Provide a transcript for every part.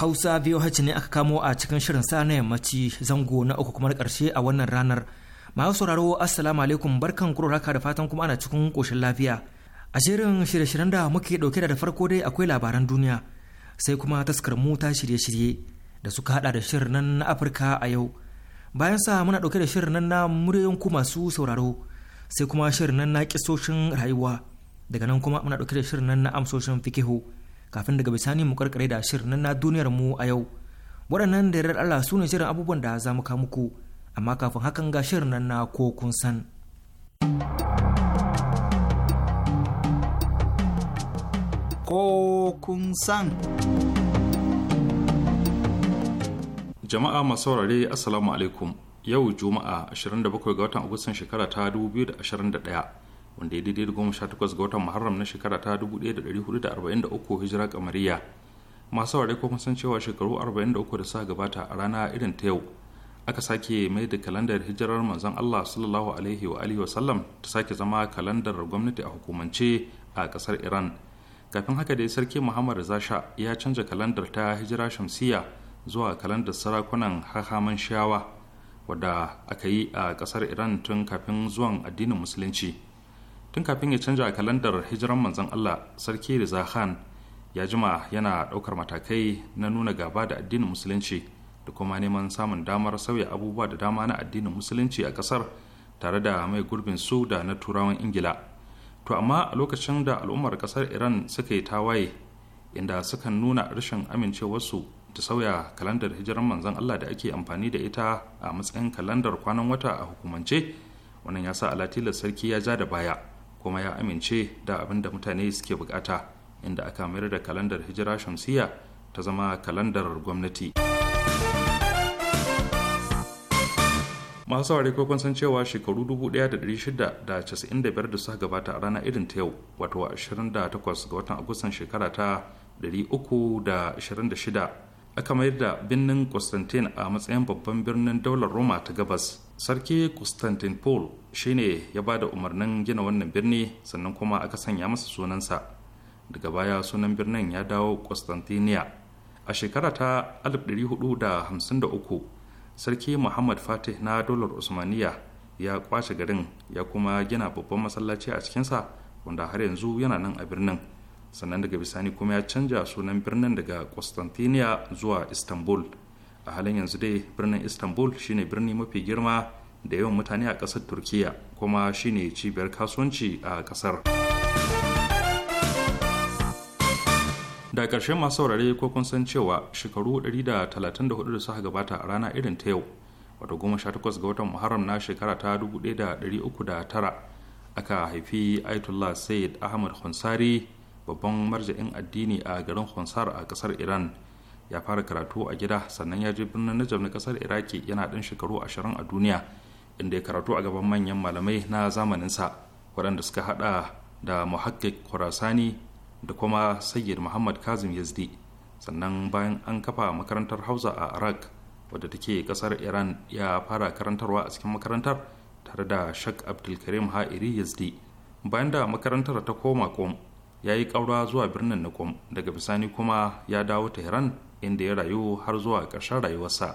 Hausa VOH ne aka kamo a cikin shirin sa na yammaci zango na uku kuma karshe a wannan ranar. Masu sauraro Assalamu alaikum barkan kuro raka da fatan kuma ana cikin koshin lafiya. A shirin shirye-shiryen da muke ɗauke da farko dai akwai labaran duniya sai kuma taskar mu ta shirye-shirye da suka hada da shirin nan na Afirka a yau. Bayan sa muna ɗauke da shirin nan na muryoyin ku masu sauraro sai kuma shirin nan na kisoshin rayuwa daga nan kuma muna dauke da shirin nan na amsoshin fikihu. kafin daga bisani mu karkare da shirin na duniyar mu a yau waɗannan da yarar Allah su ne shirin abubuwan da za mu ka muku amma kafin hakan ga shirin nan na ko kun san ko kun san jama'a masu saurare assalamu alaikum yau juma'a 27 ga watan agustan shekara ta 2021 wanda ya daidai da goma sha takwas ga watan muharram na shekara ta dubu ɗaya da ɗari hudu da arba'in da uku hijira kamariya masu ware kuma san cewa shekaru arba'in da uku da suka gabata a rana irin ta yau aka sake mai da kalandar hijirar manzon Allah sallallahu alaihi wa alihi ta sake zama kalandar gwamnati a hukumance a kasar Iran kafin haka dai sarki Muhammad Zasha ya canza kalandar ta hijira shamsiya zuwa kalandar sarakunan hahaman shawa wadda aka yi a kasar Iran tun kafin zuwan addinin musulunci tun kafin ya canja kalandar hijiran manzan Allah sarki Riza Khan ya jima yana ɗaukar matakai na nuna gaba da addinin musulunci da kuma neman samun damar sauya abubuwa da dama na addinin musulunci a ƙasar tare da mai gurbin su da na turawan ingila to amma a lokacin da al'ummar ƙasar iran suka yi tawaye inda suka nuna rashin amincewarsu da sauya kalandar hijiran manzan Allah da ake amfani da ita a matsayin kalandar kwanan wata a hukumance wannan ya sa alatilar sarki ya ja da baya kuma ya amince da abin da mutane suke bukata inda aka mayar da kalandar hijira shamsiya ta zama kalandar gwamnati masu saurari ko kun san cewa shekaru 1695 da suka gabata a rana irin ta yau wato 28 ga watan agustan shekara ta 326 aka mayar da birnin constantine a matsayin babban birnin daular roma ta gabas sarki constantine paul shine ya ba da umarnin gina wannan birni sannan kuma aka sanya masa sunansa daga baya sunan birnin ya dawo constantinople a shekara ta 1453 sarki muhammad fatih na dolar usmaniya ya kwace garin ya kuma gina babban masallaci a cikinsa wanda har yanzu yana nan a birnin sannan daga bisani kuma ya canja sunan birnin daga constantinople zuwa istanbul a halin yanzu dai birnin istanbul shine birni mafi girma da yawan mutane a ƙasar turkiya kuma shine cibiyar kasuwanci a ƙasar da ƙarshe masu saurare ko kun san cewa shekaru 134 da suka gabata a rana irin ta yau wato 18 ga watan muharram na shekara ta 1309 aka haifi aitullah sayyid ahmad khonsari babban marja'in addini a garin khonsar a ƙasar iran ya fara karatu a gida sannan ya je birnin najab na ƙasar iraki yana ɗan shekaru ashirin a duniya inda ya karatu a gaban manyan malamai na zamaninsa waɗanda suka haɗa da muhakkik khurasani da kuma sayyid muhammad kazim yazdi sannan bayan an kafa makarantar hausa a iraq wadda take kasar iran ya fara karantarwa a cikin makarantar tare da shak abdulkarim ha'iri yazdi bayan da makarantar ta koma kom ya yi ƙaura zuwa birnin na kom daga bisani kuma ya dawo tehran inda ya rayu har zuwa ƙarshen rayuwarsa.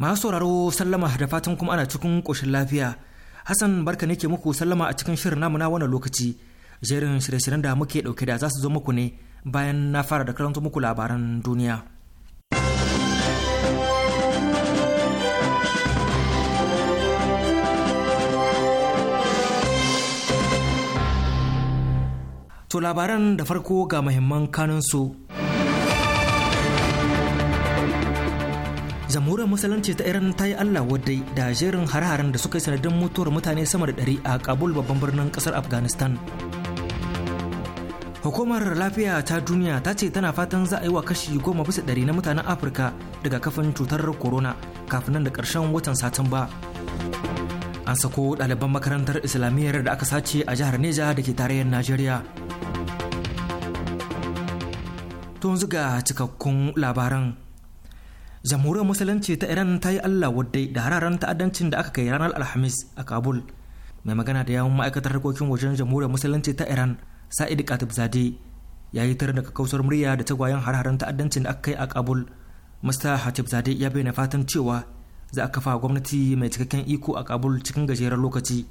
masu sauraro sallama da fatan kuma ana cikin ƙoshin lafiya hassan barka ne ke muku sallama a cikin shirin namuna wannan lokaci jerin shirye-shiryen da muke ɗauke da za su zo muku ne bayan na fara da karanto muku labaran duniya to labaran da farko ga muhimman kanunsu jamhuriyar musulunci ta iran ta yi allah wadai da jerin hare-haren da suka yi sanadin mutuwar mutane sama da ɗari a kabul babban birnin ƙasar afghanistan hukumar lafiya ta duniya ta ce tana fatan za a yi wa kashi goma bisa ɗari na mutanen afirka daga kafin cutar corona kafin nan da ƙarshen watan satumba an sako ɗaliban makarantar islamiyyar da aka sace a jihar neja da ke tarayyar najeriya tun zuga cikakkun labaran jamhuriyar musulunci ta iran ta yi allah wadda da hararen ta'addancin da aka kai ranar alhamis a kabul mai magana da yawun ma'aikatar harkokin wajen jamhuriyar musulunci ta iran sa'id katib zade ya yi tare da kausar murya da tagwayen hararen ta'addancin da aka kai a kabul mista hatib zade ya bayyana fatan cewa za a kafa gwamnati mai cikakken iko a kabul cikin gajeren lokaci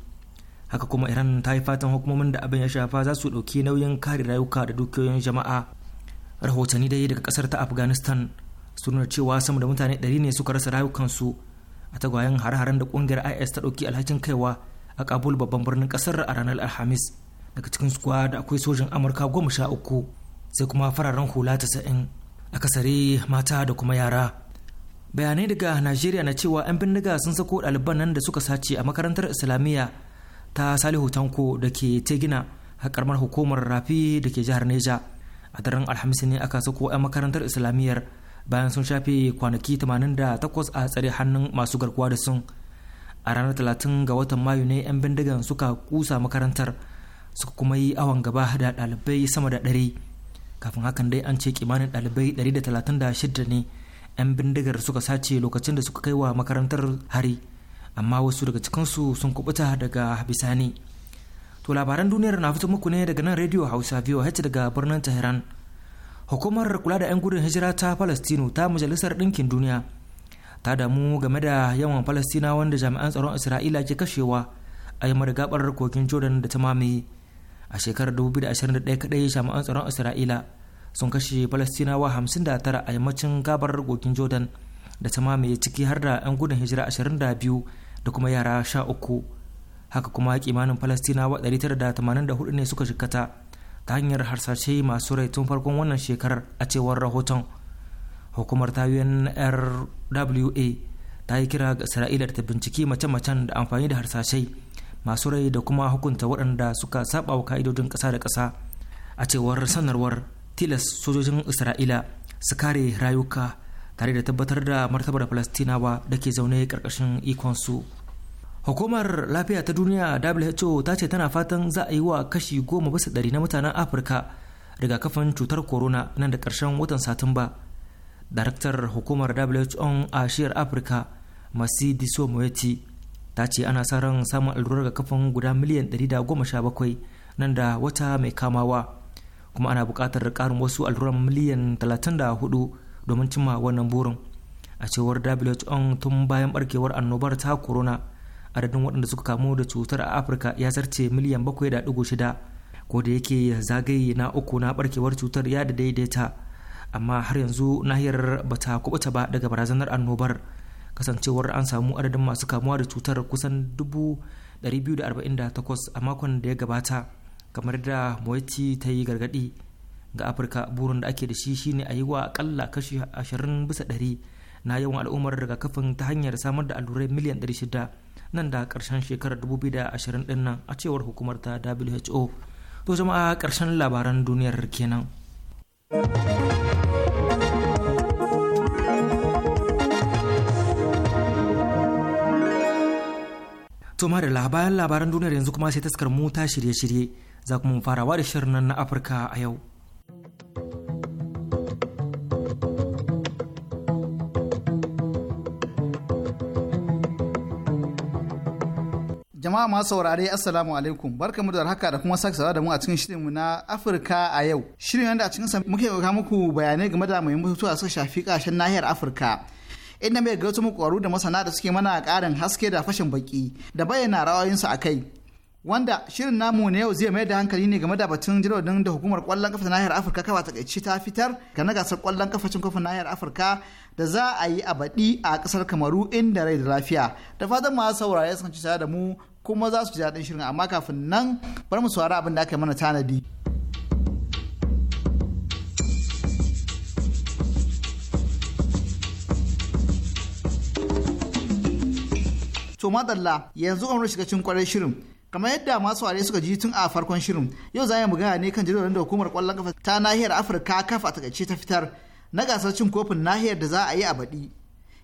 haka kuma iran ta yi fatan hukumomin da abin ya shafa za su ɗauki nauyin kare rayuka da dukiyoyin jama'a rahotanni dai daga kasar ta afghanistan sunar cewa sama da mutane 100 ne suka rasa rayukansu a tagwayen har haren da kungiyar is ta ɗauki alhakin kaiwa a kabul babban birnin kasar a ranar alhamis daga cikin kuwa da akwai sojin amurka goma sha uku sai kuma fararen hula tasa'in akasari mata da kuma yara bayanai daga najeriya na cewa 'yan bindiga sun sako ɗaliban nan da suka sace a makarantar islamiyya ta salihu tanko da ke tegina a karamar hukumar rafi da ke jihar neja a daren alhamis ne aka sako 'yan makarantar islamiyyar bayan sun shafe kwanaki 88 a tsare hannun masu garkuwa da sun a ranar talatin ga watan mayu ne 'yan bindigan suka kusa makarantar suka kuma yi awon gaba da dalibai sama da ɗari kafin hakan dai an ce kimanin ɗalibai 136 ne 'yan bindigar suka sace lokacin da suka kai wa makarantar hari amma wasu daga cikinsu sun kubuta daga bisani to labaran duniyar na fito muku ne daga nan radio hausa voh daga birnin tehran hukumar kula da 'yan gudun hijira ta palestino ta majalisar ɗinkin duniya ta damu game da yawan palestina wanda jami'an tsaron isra'ila ke kashewa a yi gabar kogin jordan da ta mamaye a shekarar 2021 kadai jami'an tsaron isra'ila sun kashe palestinawa 59 a yammacin gabar kogin jordan da ta mamaye ciki har da 'yan gudun hijira 22 da kuma yara 13 haka kuma kimanin palestinawa 984 ne suka jikkata ta hanyar harsashe masu rai tun farkon wannan shekarar a cewar rahoton hukumar ta unrwa ta yi kira ga isra'ila ta binciki mace-macen da amfani da harsashe masu rai da kuma hukunta waɗanda suka saba wa ka'idodin ƙasa da ƙasa a cewar sanarwar tilas sojojin isra'ila su kare rayuka tare da tabbatar da martabar falastinawa da ke zaune ƙarƙashin ikonsu. su hukumar lafiya ta duniya who ta ce tana fatan za a yi wa kashi goma bisa ɗari na mutanen afirka rigakafin cutar corona nan da ƙarshen watan satumba daraktar hukumar who a shiyar afirka diso moeti ta ce ana sa ran samun allurar rigakafin guda miliyan bakwai nan da wata mai kamawa kuma ana buƙatar ƙarin wasu alluran miliyan 34 domin cimma wannan burin a cewar who tun bayan barkewar annobar ta corona adadin waɗanda suka kamu da cutar a afirka ya zarce miliyan 7.6 ko da yake zagaye na uku na barkewar cutar ya da daidaita amma har yanzu nahiyar bata kubuta ba daga barazanar annobar kasancewar an samu adadin masu kamuwa da cutar kusan 248 a makon da ya gabata kamar da moiti ta yi gargadi ga afirka burin da ake da shi shine a yi wa akalla kashi 20 bisa 100 na yawan al'ummar rigakafin ta hanyar samar da allurai miliyan 600 nan da karshen shekarar 2020 din nan a cewar hukumar ta WHO. To jama'a karshen labaran duniyar kenan. To da bayan labaran duniyar yanzu kuma sai taskar mu ta shirye-shirye za kuma farawa da shirin nan na Afirka a yau. Jama'a masu saurare Assalamu alaikum barkamu da haka da kuma sake da mu a cikin shirin na Afirka a yau. Shirin wanda a cikin sa muke kawo muku bayanai game da muhimman mutuwa suka shafi kashin nahiyar Afirka. Inda mai gaito mu ƙwaru da masana da suke mana karin haske da fashin baki da bayyana ra'ayoyin a kai. Wanda shirin namu na yau zai mai da hankali ne game da batun jiragen da hukumar kwallon kafa nahiyar Afirka kafa ta ƙaici ta fitar ga na gasar ƙwallon kafa cin kofin nahiyar Afirka da za a yi a baɗi a ƙasar Kamaru inda rai da lafiya. Da fatan masu saurare sun ci da mu kuma za su ji daɗin shirin amma kafin nan bari mu saurari abin da aka yi mana tanadi. To madalla yanzu an shiga cikin kwarar shirin kamar yadda masu ware suka ji tun a farkon shirin yau za mu magana ne kan jadawalin da hukumar kwallon kafa ta nahiyar afirka kafa ta ta fitar na gasar cin kofin nahiyar da za a yi a baɗi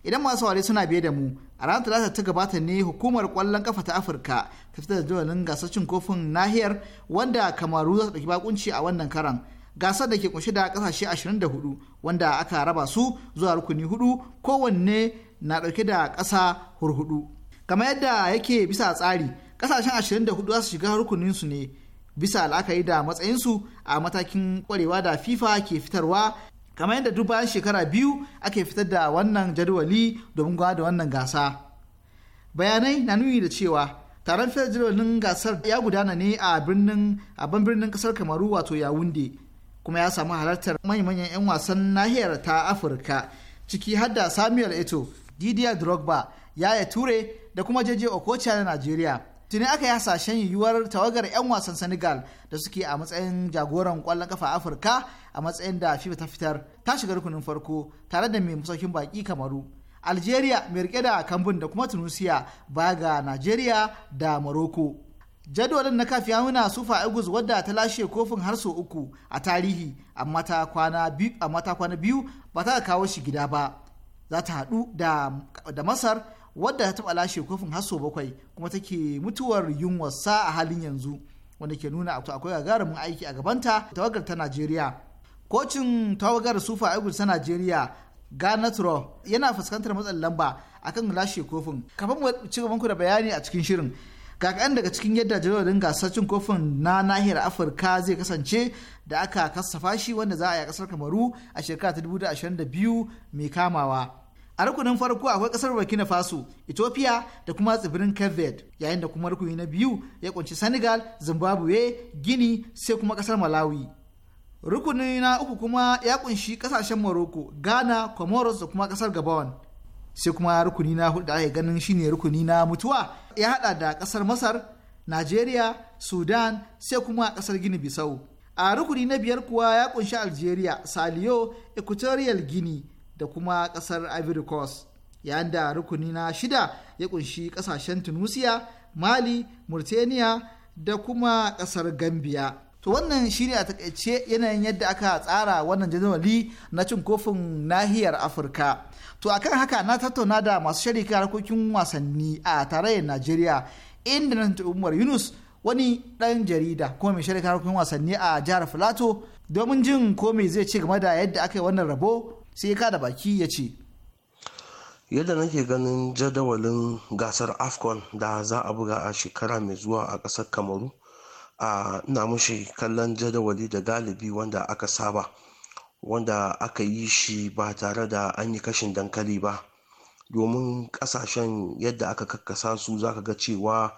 idan masu ware suna biye da mu a ranar talata ta gabata ne hukumar kwallon kafa ta afirka ta fitar da jawalin gasar cin kofin nahiyar wanda kamaru za su ɗauki bakunci a wannan karan gasar da ke kunshe da kasashe 24 wanda aka raba su zuwa rukuni hudu kowanne na ɗauke da ƙasa hurhudu kamar yadda yake bisa tsari kasashen 24 za su shiga rukunin su ne bisa la'akari da matsayinsu a matakin kwarewa da fifa ke fitarwa kamar yadda duk bayan shekara biyu ake fitar da wannan jadawali domin gwada da wannan gasa bayanai na nuni da cewa taron fitar jadawalin gasar ya gudana ne a birnin abin birnin kasar kamaru wato yawunde kuma ya samu halartar manyan 'yan wasan nahiyar ta afirka ciki har da samuel eto didier drogba yaya ture da kuma jeje okocha na nigeria. tuni aka yi hasashen yiwuwar tawagar 'yan wasan senegal da suke a matsayin jagoran kwallon kafa afirka a matsayin da fifa ta fitar ta shiga rukunin farko tare da mai masaukin baki kamaru algeria mai rike da kambun da kuma tunisia baya ga nigeria da morocco jadawalin na kafi ya nuna sufa eagles wadda ta lashe kofin har sau uku a tarihi a mata kwana biyu ba ta kawo shi gida ba za ta haɗu da masar wadda ta taɓa lashe kofin haso bakwai kuma take mutuwar yunwarsa a halin yanzu wanda ke nuna akwai gagarumin aiki a gabanta tawagar ta najeriya kocin tawagar sufa eagles ta najeriya ganatro yana fuskantar matsin lamba akan lashe kofin kafin mu ci gaban ku da bayani a cikin shirin ga kan daga cikin yadda jadawalin gasar cin kofin na nahiyar afirka zai kasance da aka kassafa shi wanda za a yi a kasar kamaru a shekara ta 2022 mai kamawa a rukunin farko akwai kasar burkina faso ethiopia da kuma tsibirin cape yayin da kuma rukuni na biyu ya kunshi senegal zimbabwe gini sai kuma kasar malawi rukuni na uku kuma ya kunshi kasashen morocco ghana comoros da kuma kasar gabon sai kuma rukuni na hudu da ake ganin shine rukuni na mutuwa ya hada da kasar masar nigeria sudan sai kuma kasar gini bisau a rukuni na biyar kuwa ya kunshi algeria saliyo equatorial guinea da kuma kasar ivory coast yayin da rukuni na shida ya kunshi kasashen tunisia mali murtaniya da kuma kasar gambia to wannan shi a takaice yanayin yadda aka tsara wannan jadawali na cin kofin nahiyar afirka to akan haka na tattauna da masu sharika harkokin wasanni a tarayyar najeriya inda na umar yunus wani ɗan jarida kuma mai sharika harkokin wasanni a jihar filato domin jin ko me zai ce game da yadda aka yi wannan rabo sai ya kada baki ya ce yadda nake ganin jadawalin gasar afcon da za a buga a shekara mai zuwa a ƙasar kamaru a ina mushi kallon jadawali da galibi wanda aka saba wanda aka yi shi ba tare da an yi kashin dankali ba domin kasashen yadda aka kakkasa su za ka ga cewa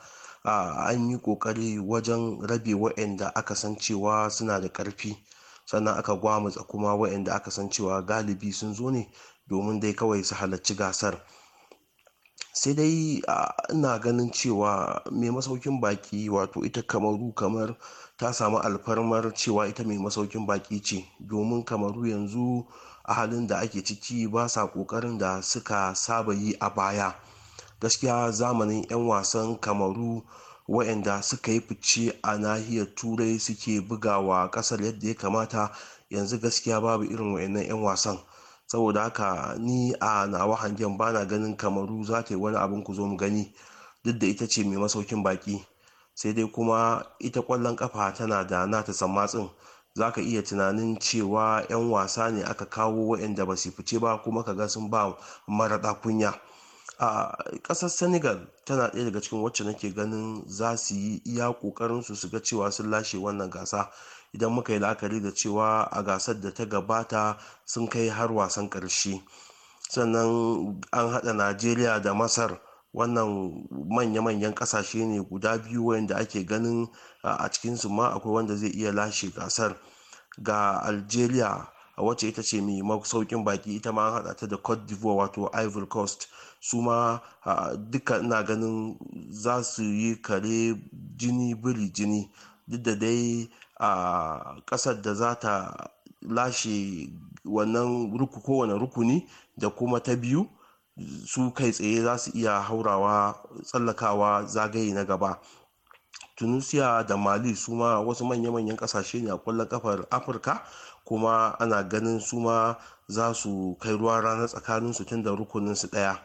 an yi kokari wajen rabe wa'anda aka san cewa suna da ƙarfi. sannan aka gwamutsa kuma waɗanda aka san cewa galibi sun zo ne domin dai kawai su halarci gasar sai dai ina ganin cewa mai masaukin baki wato ita kamaru kamar ta samu alfarmar cewa ita mai masaukin baki ce domin kamaru yanzu a halin da ake ciki ba sa kokarin da suka saba yi a baya gaskiya zamanin 'yan wasan kamaru wayanda suka yi fice a nahiyar turai suke bugawa ƙasar yadda ya kamata yanzu gaskiya babu irin wayannan 'yan wasan saboda haka ni a nawa hangen bana ganin kamaru za ta yi wani abin ku zo mu gani duk da ita ce mai masaukin baki sai dai kuma ita kwallon kafa tana da nata sammatsin za ka iya tunanin cewa 'yan wasa ne aka kawo wayanda ba su fice ba kuma ka ga sun ba mara kunya. a ƙasar senegal tana ɗaya daga cikin wacce nake ganin za su yi iya ƙoƙarin su su ga cewa sun lashe wannan gasa idan muka yi la'akari da cewa a gasar da ta gabata sun kai har wasan ƙarshe sannan an haɗa najeriya da masar wannan manya-manyan ƙasashe ne guda biyu wanda ake ganin a cikinsu ma akwai wanda zai iya lashe gasar ga algeria wacce ita ce mai sauƙin baki ita ma an haɗa ta da cote d'ivoire wato ivory coast su ma duka ina ganin za su yi kare jini biri jini duk da dai a ƙasar da za ta lashe wannan ruku kowane rukuni da kuma ta biyu su kai tsaye za su iya haurawa tsallakawa zagaye na gaba tunisia da mali su ma wasu manya-manyan kasashe ne a kwallon kafar afirka kuma ana ganin su ma za su kai ruwa ranar tsakaninsu tun da rukuninsu ɗaya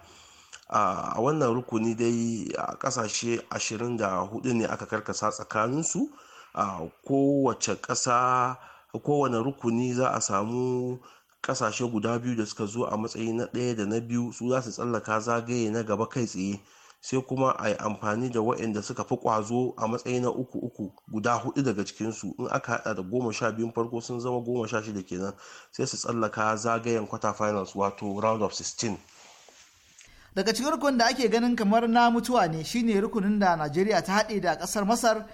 a wannan rukuni dai a kasashe 24 ne aka karkasa tsakaninsu a kowace kasa kowane rukuni za a samu kasashe guda biyu da suka zo a matsayi na ɗaya da na biyu su za su tsallaka zagaye na gaba kai tsaye sai kuma a yi amfani da waɗanda suka fi ƙwazo a matsayi na uku uku guda hudu daga cikinsu in aka haɗa da goma sha biyun farko sun zama goma sha shida kenan sai su tsallaka zagayen quarter finals wato round of 16 daga cikin rukunin da ake ganin kamar na mutuwa ne shine rukunin da najeriya ta haɗe da kasar masar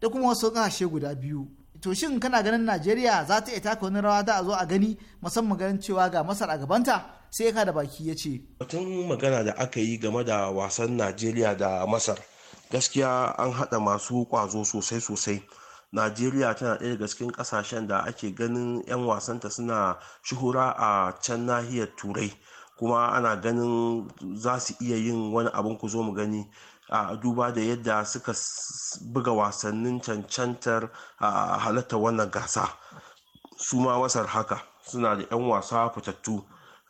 da kuma wasu ƙasashe guda biyu to shin kana ganin najeriya za ta iya taka wani rawa da a zo a gani musamman ganin cewa ga masar a gabanta sai ka da baki ya ce batun magana da aka yi game da wasan najeriya da masar gaskiya an haɗa masu ƙwazo sosai sosai najeriya tana ɗaya daga cikin ƙasashen da ake ganin 'yan wasanta suna shuhura a can nahiyar turai kuma ana ganin za su iya yin wani abin ku zo mu gani a duba da yadda suka buga wasannin cancantar halatta wannan gasa su ma wasar haka suna da 'yan wasa fitattu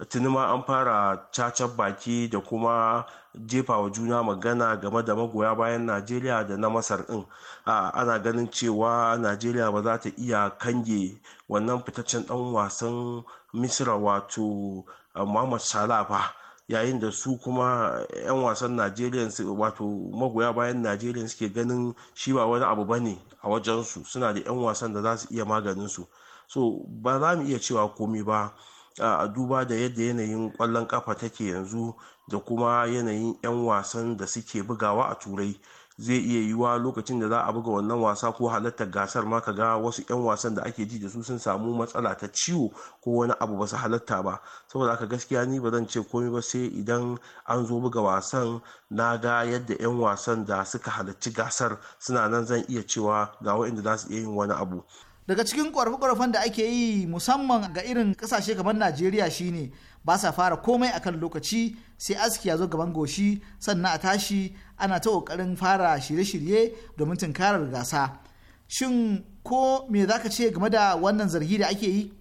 tuni ma an fara cacar baki da kuma jefa wa juna magana game da magoya bayan najeriya da na masar din ana ganin cewa najeriya ba za ta iya kange wannan fitaccen dan wasan Misira wato Eh, muhammad salah ba yayin da su kuma eh, 'yan wasan najeriya wato magoya bayan najeriya suke ganin shi ba wani abu bane a wajensu suna da 'yan wasan da za su iya maganin su so ba za mu iya cewa komi ba a duba da yadda yanayin kwallon kafa take yanzu da kuma yanayin 'yan wasan da suke bugawa a turai zai iya yiwuwa lokacin da za a buga wannan wasa ko halartar gasar ma ka ga wasu 'yan wasan da ake ji da su sun samu matsala ta ciwo ko wani abu ba su halatta ba saboda haka gaskiya ni ba zan ce komai ba sai idan an zo buga wasan na ga yadda 'yan wasan da suka halarci gasar suna nan zan iya cewa ga waɗanda za su iya yin wani abu daga cikin ƙorafe da ake yi musamman ga irin kasashe kamar najeriya shine ba sa fara komai akan lokaci sai aski ya zo gaban goshi sannan a tashi ana ta kokarin fara shirye-shirye domin tunkarar gasa shin ko me zaka ce game da wannan zargi da ake yi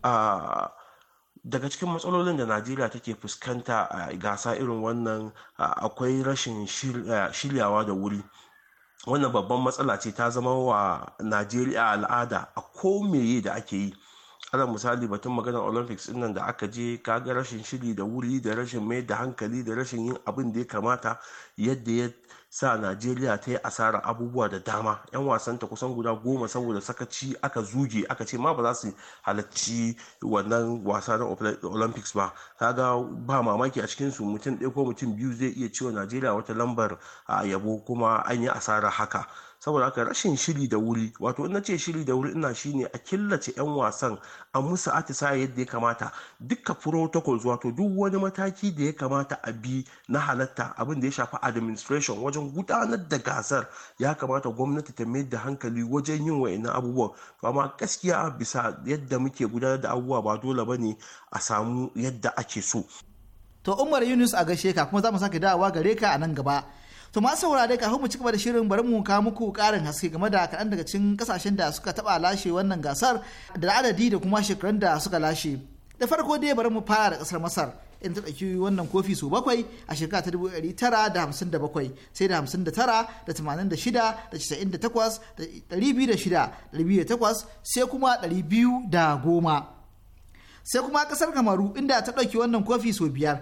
daga cikin matsalolin da najeriya take fuskanta a gasa irin wannan akwai rashin shiryawa da wuri wannan babban matsala ce ta zama wa najeriya al'ada a ko meye da ake yi ana misali batun maganar olympics din nan da aka je kaga rashin shiri da wuri da rashin mai da hankali da rashin yin abin da ya kamata yadda ya sa najeriya ta yi asara abubuwa da dama yan wasan ta kusan guda goma saboda sakaci aka zuge aka ce ma ba za su halarci wannan wasa na olympics ba kaga ba mamaki a cikin su mutum ɗaya ko mutum biyu zai iya ciwo najeriya wata lambar a yabo kuma an yi asara haka saboda haka rashin shiri da wuri wato ina ce shiri da wuri ina shine a killace yan wasan a musu atisa yadda ya kamata dukka protocols wato duk wani mataki da ya kamata a bi na halatta abin da ya shafi administration wajen gudanar da gasar ya kamata gwamnati ta mayar da hankali wajen yin wa'annan abubuwan to amma gaskiya bisa yadda muke gudanar da abubuwa ba dole bane a samu yadda ake so to umar yunus a gaishe ka kuma za mu sake dawowa gare ka a nan gaba to masu saurare kafin mu ci gaba da shirin bari mu kawo muku karin haske game da kaɗan daga cikin ƙasashen da suka taɓa lashe wannan gasar da adadi da kuma shekarun da suka lashe da farko dai bari mu fara da ƙasar masar in ta ɗauki wannan kofi sau bakwai a shekara ta dubu ɗari tara da hamsin da bakwai sai da hamsin da tara da tamanin da shida da casa'in da takwas da ɗari biyu da shida ɗari biyu da takwas sai kuma ɗari biyu da goma sai kuma ƙasar kamaru inda ta ɗauki wannan kofi sau biyar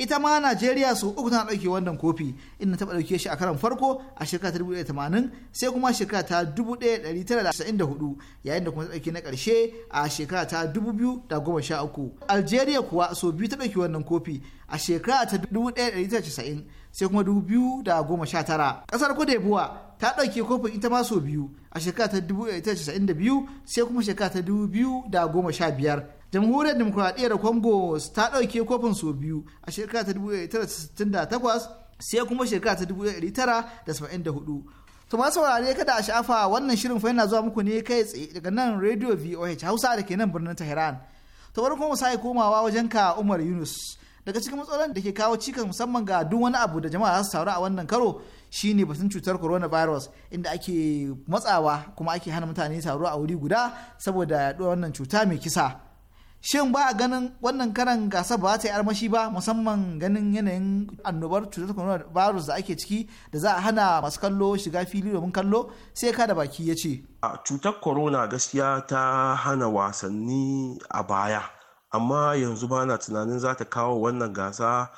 ita ma najeriya su uku tana ɗauke wannan kofi inda taɓa ɗauke shi a karon farko a shekara ta 1980 sai kuma shekara ta 1994 yayin da kuma ta ɗauke na ƙarshe a shekara ta 2013 algeria kuwa so biyu ta ɗauke wannan kofi a shekara ta 1990 sai kuma 2019 ƙasar cote d'ivoire ta ɗauke kofin ita ma so biyu a shekara ta 1992 sai kuma shekara ta 2015 jamhuriyar demokuraɗiyyar congo ta ɗauke kofin sau biyu a shekara ta 1968 sai kuma shekara ta 1974 to masu saurare kada a sha'afa wannan shirin fa yana zuwa muku ne kai tsaye daga nan radio voh hausa da ke nan birnin tehran to bari kuma sai komawa wajen ka umar yunus daga cikin matsalolin da ke kawo cikas musamman ga duk wani abu da jama'a za su taru a wannan karo shine batun cutar coronavirus inda ake matsawa kuma ake hana mutane taro a wuri guda saboda yaɗuwar wannan cuta mai kisa shin ba a ganin wannan karan gasa ba ta yi armashi ba musamman ganin yanayin annobar cutar coronavirus da ake ciki da za a hana masu kallo shiga fili domin kallo sai ka da baki ya ce a cutar corona gaskiya ta hana wasanni a baya amma yanzu ba na tunanin za ta kawo wannan gasa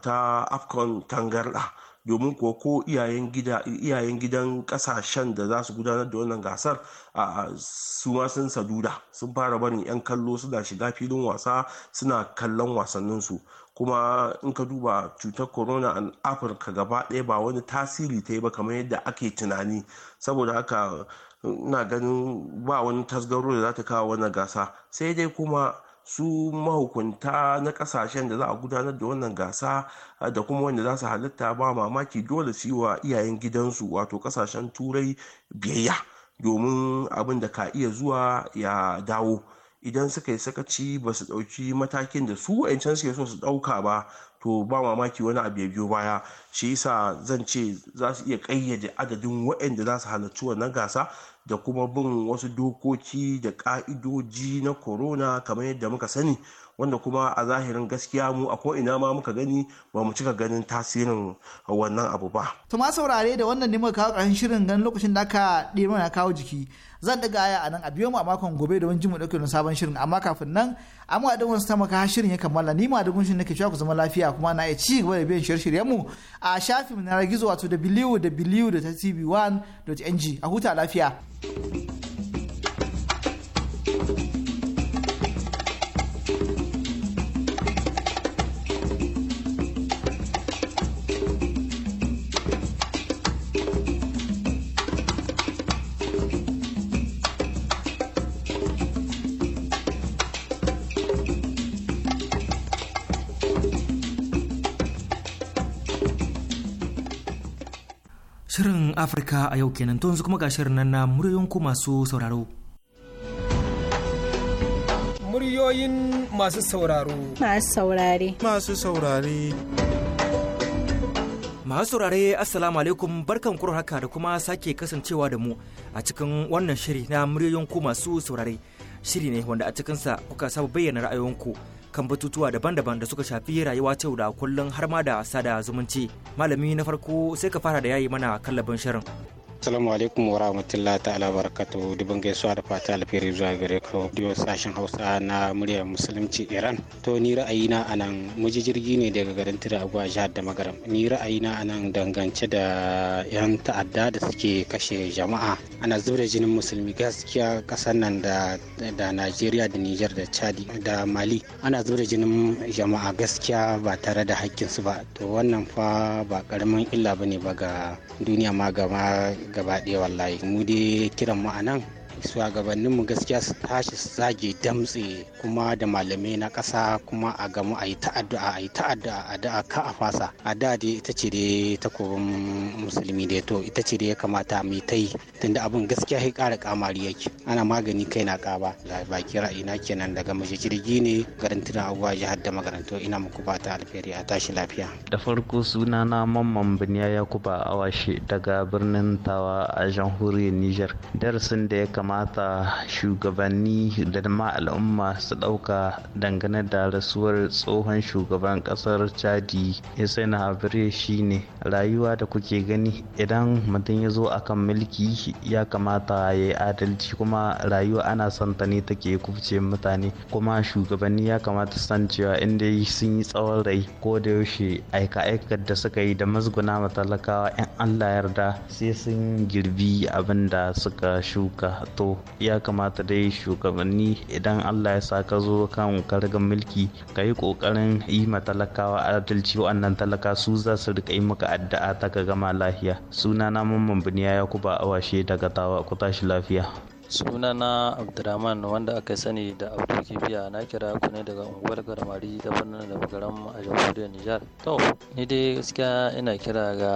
ta afcon tangarɗa domin kuwa ko iyayen gidan kasashen da za su gudanar da wannan gasar a su ma sun saduda sun fara barin 'yan kallo suna shiga filin wasa suna kallon wasanninsu kuma in ka duba cutar corona a afirka gaba ɗaya ba wani tasiri ta yi ba kamar yadda ake tunani saboda haka na ganin ba wani tasgaro da za ta kawo wannan gasa sai dai kuma su mahukunta na kasashen da za a gudanar da wannan gasa da kuma wanda za su halitta ba mamaki dole su yi wa iyayen gidansu wato kasashen turai biyayya domin abin da ka iya zuwa ya dawo idan suka yi sakaci ba su ɗauki matakin da su 'yancan suke so su ɗauka ba to ba mamaki wani abu ya biyo baya shi yasa zan ce za su iya ƙayyade adadin waɗanda za su halarci wannan gasa da kuma bin wasu dokoki da ƙa'idoji na corona kamar yadda muka sani wanda kuma a zahirin gaskiya mu a ko'ina ma muka gani ba mu cika ganin tasirin wannan abu ba. to ma saurare da wannan ne muka kawo ƙarshen shirin ganin lokacin da aka ɗima na kawo jiki zan ɗaga aya a nan a biyo mu a makon gobe domin jin mu ɗauke wani sabon shirin amma kafin nan a mu adin wasu tamaka shirin ya kammala ni ma da gunshin nake cewa ku zama lafiya kuma na iya ci gaba da biyan shirye-shiryen mu a shafin na gizo wato www.tv1.ng a huta lafiya. Afirka a yau kenan to yanzu kuma ga shirin nan na muryoyin ku masu sauraro. Muryoyin masu sauraro. Masu saurare. Masu saurare. Masu saurare Assalamu alaikum barkan kuro haka da kuma sake kasancewa da mu a cikin wannan shiri na muryoyin ku masu saurare. Shiri ne wanda a cikinsa kuka saba bayyana ra'ayoyinku kan batutuwa daban-daban da suka shafi rayuwa ta yau da kullum har ma da sada zumunci malami na farko sai ka fara da yayi mana kallabin shirin Assalamu alaikum wa rahmatullahi ta'ala barakatu dubin gaisuwa da fata alfiri zuwa gare ku diyo sashen Hausa na muryar musulunci Iran. To ni ra'ayina a nan muji jirgi ne daga garin Tiragwa jihar da Magaram. Ni ra'ayina a nan dangance da yan ta'adda da suke kashe jama'a. Ana zubda jinin musulmi gaskiya kasar nan da da Najeriya da Nijar da Chadi da Mali. Ana zubda jinin jama'a gaskiya ba tare da haƙƙinsu ba. To wannan fa ba karamin illa bane ba ga duniya ma ga gaba ɗaya wallahi mu dai kiran mu a nan shugabanninmu gaskiya su tashi su zage damtse kuma da malamai na ƙasa kuma a gamu a yi ta'addu'a a yi ta'addu'a a da'a ka a fasa a da dai ita ce dai takobin musulmi da to ita ce dai ya kamata mai ta yi tunda abin gaskiya ya ƙara kamari yake ana magani kai na ƙaba baki ra'ayina kenan daga mace jirgi ne garin tunan abubuwa jihar da magaranto ina muku fata alheri a tashi lafiya da farko suna na mamman biniya yakuba awashi daga birnin tawa a jamhuriyar niger darasin da ya kamata shugabanni da ma al'umma su ɗauka dangane da rasuwar tsohon shugaban ƙasar chadi hussein habire shine rayuwa da kuke gani idan mutum ya zo akan mulki ya kamata ya yi adalci kuma rayuwa ana son ta ne take kufce mutane kuma shugabanni ya kamata san cewa inda sun yi tsawon rai ko da yaushe aika-aikar da suka yi da mazguna matalakawa 'yan allah yarda sai sun girbi abin da suka shuka to ya kamata dai shugabanni idan allah ya sa ka zo kan kargan mulki ka yi kokarin yi ma talakawa adalci wannan talaka su za su rika yi maka addu'a ta ka gama lafiya sunana mamman biniya ya kuba awashe daga tawa ku tashi lafiya sunana abdulrahman wanda aka sani da abdul kibiya na kira ku ne daga unguwar garmari ta birnin da bagaram a jamhuriyar nijar to ni dai gaskiya ina kira ga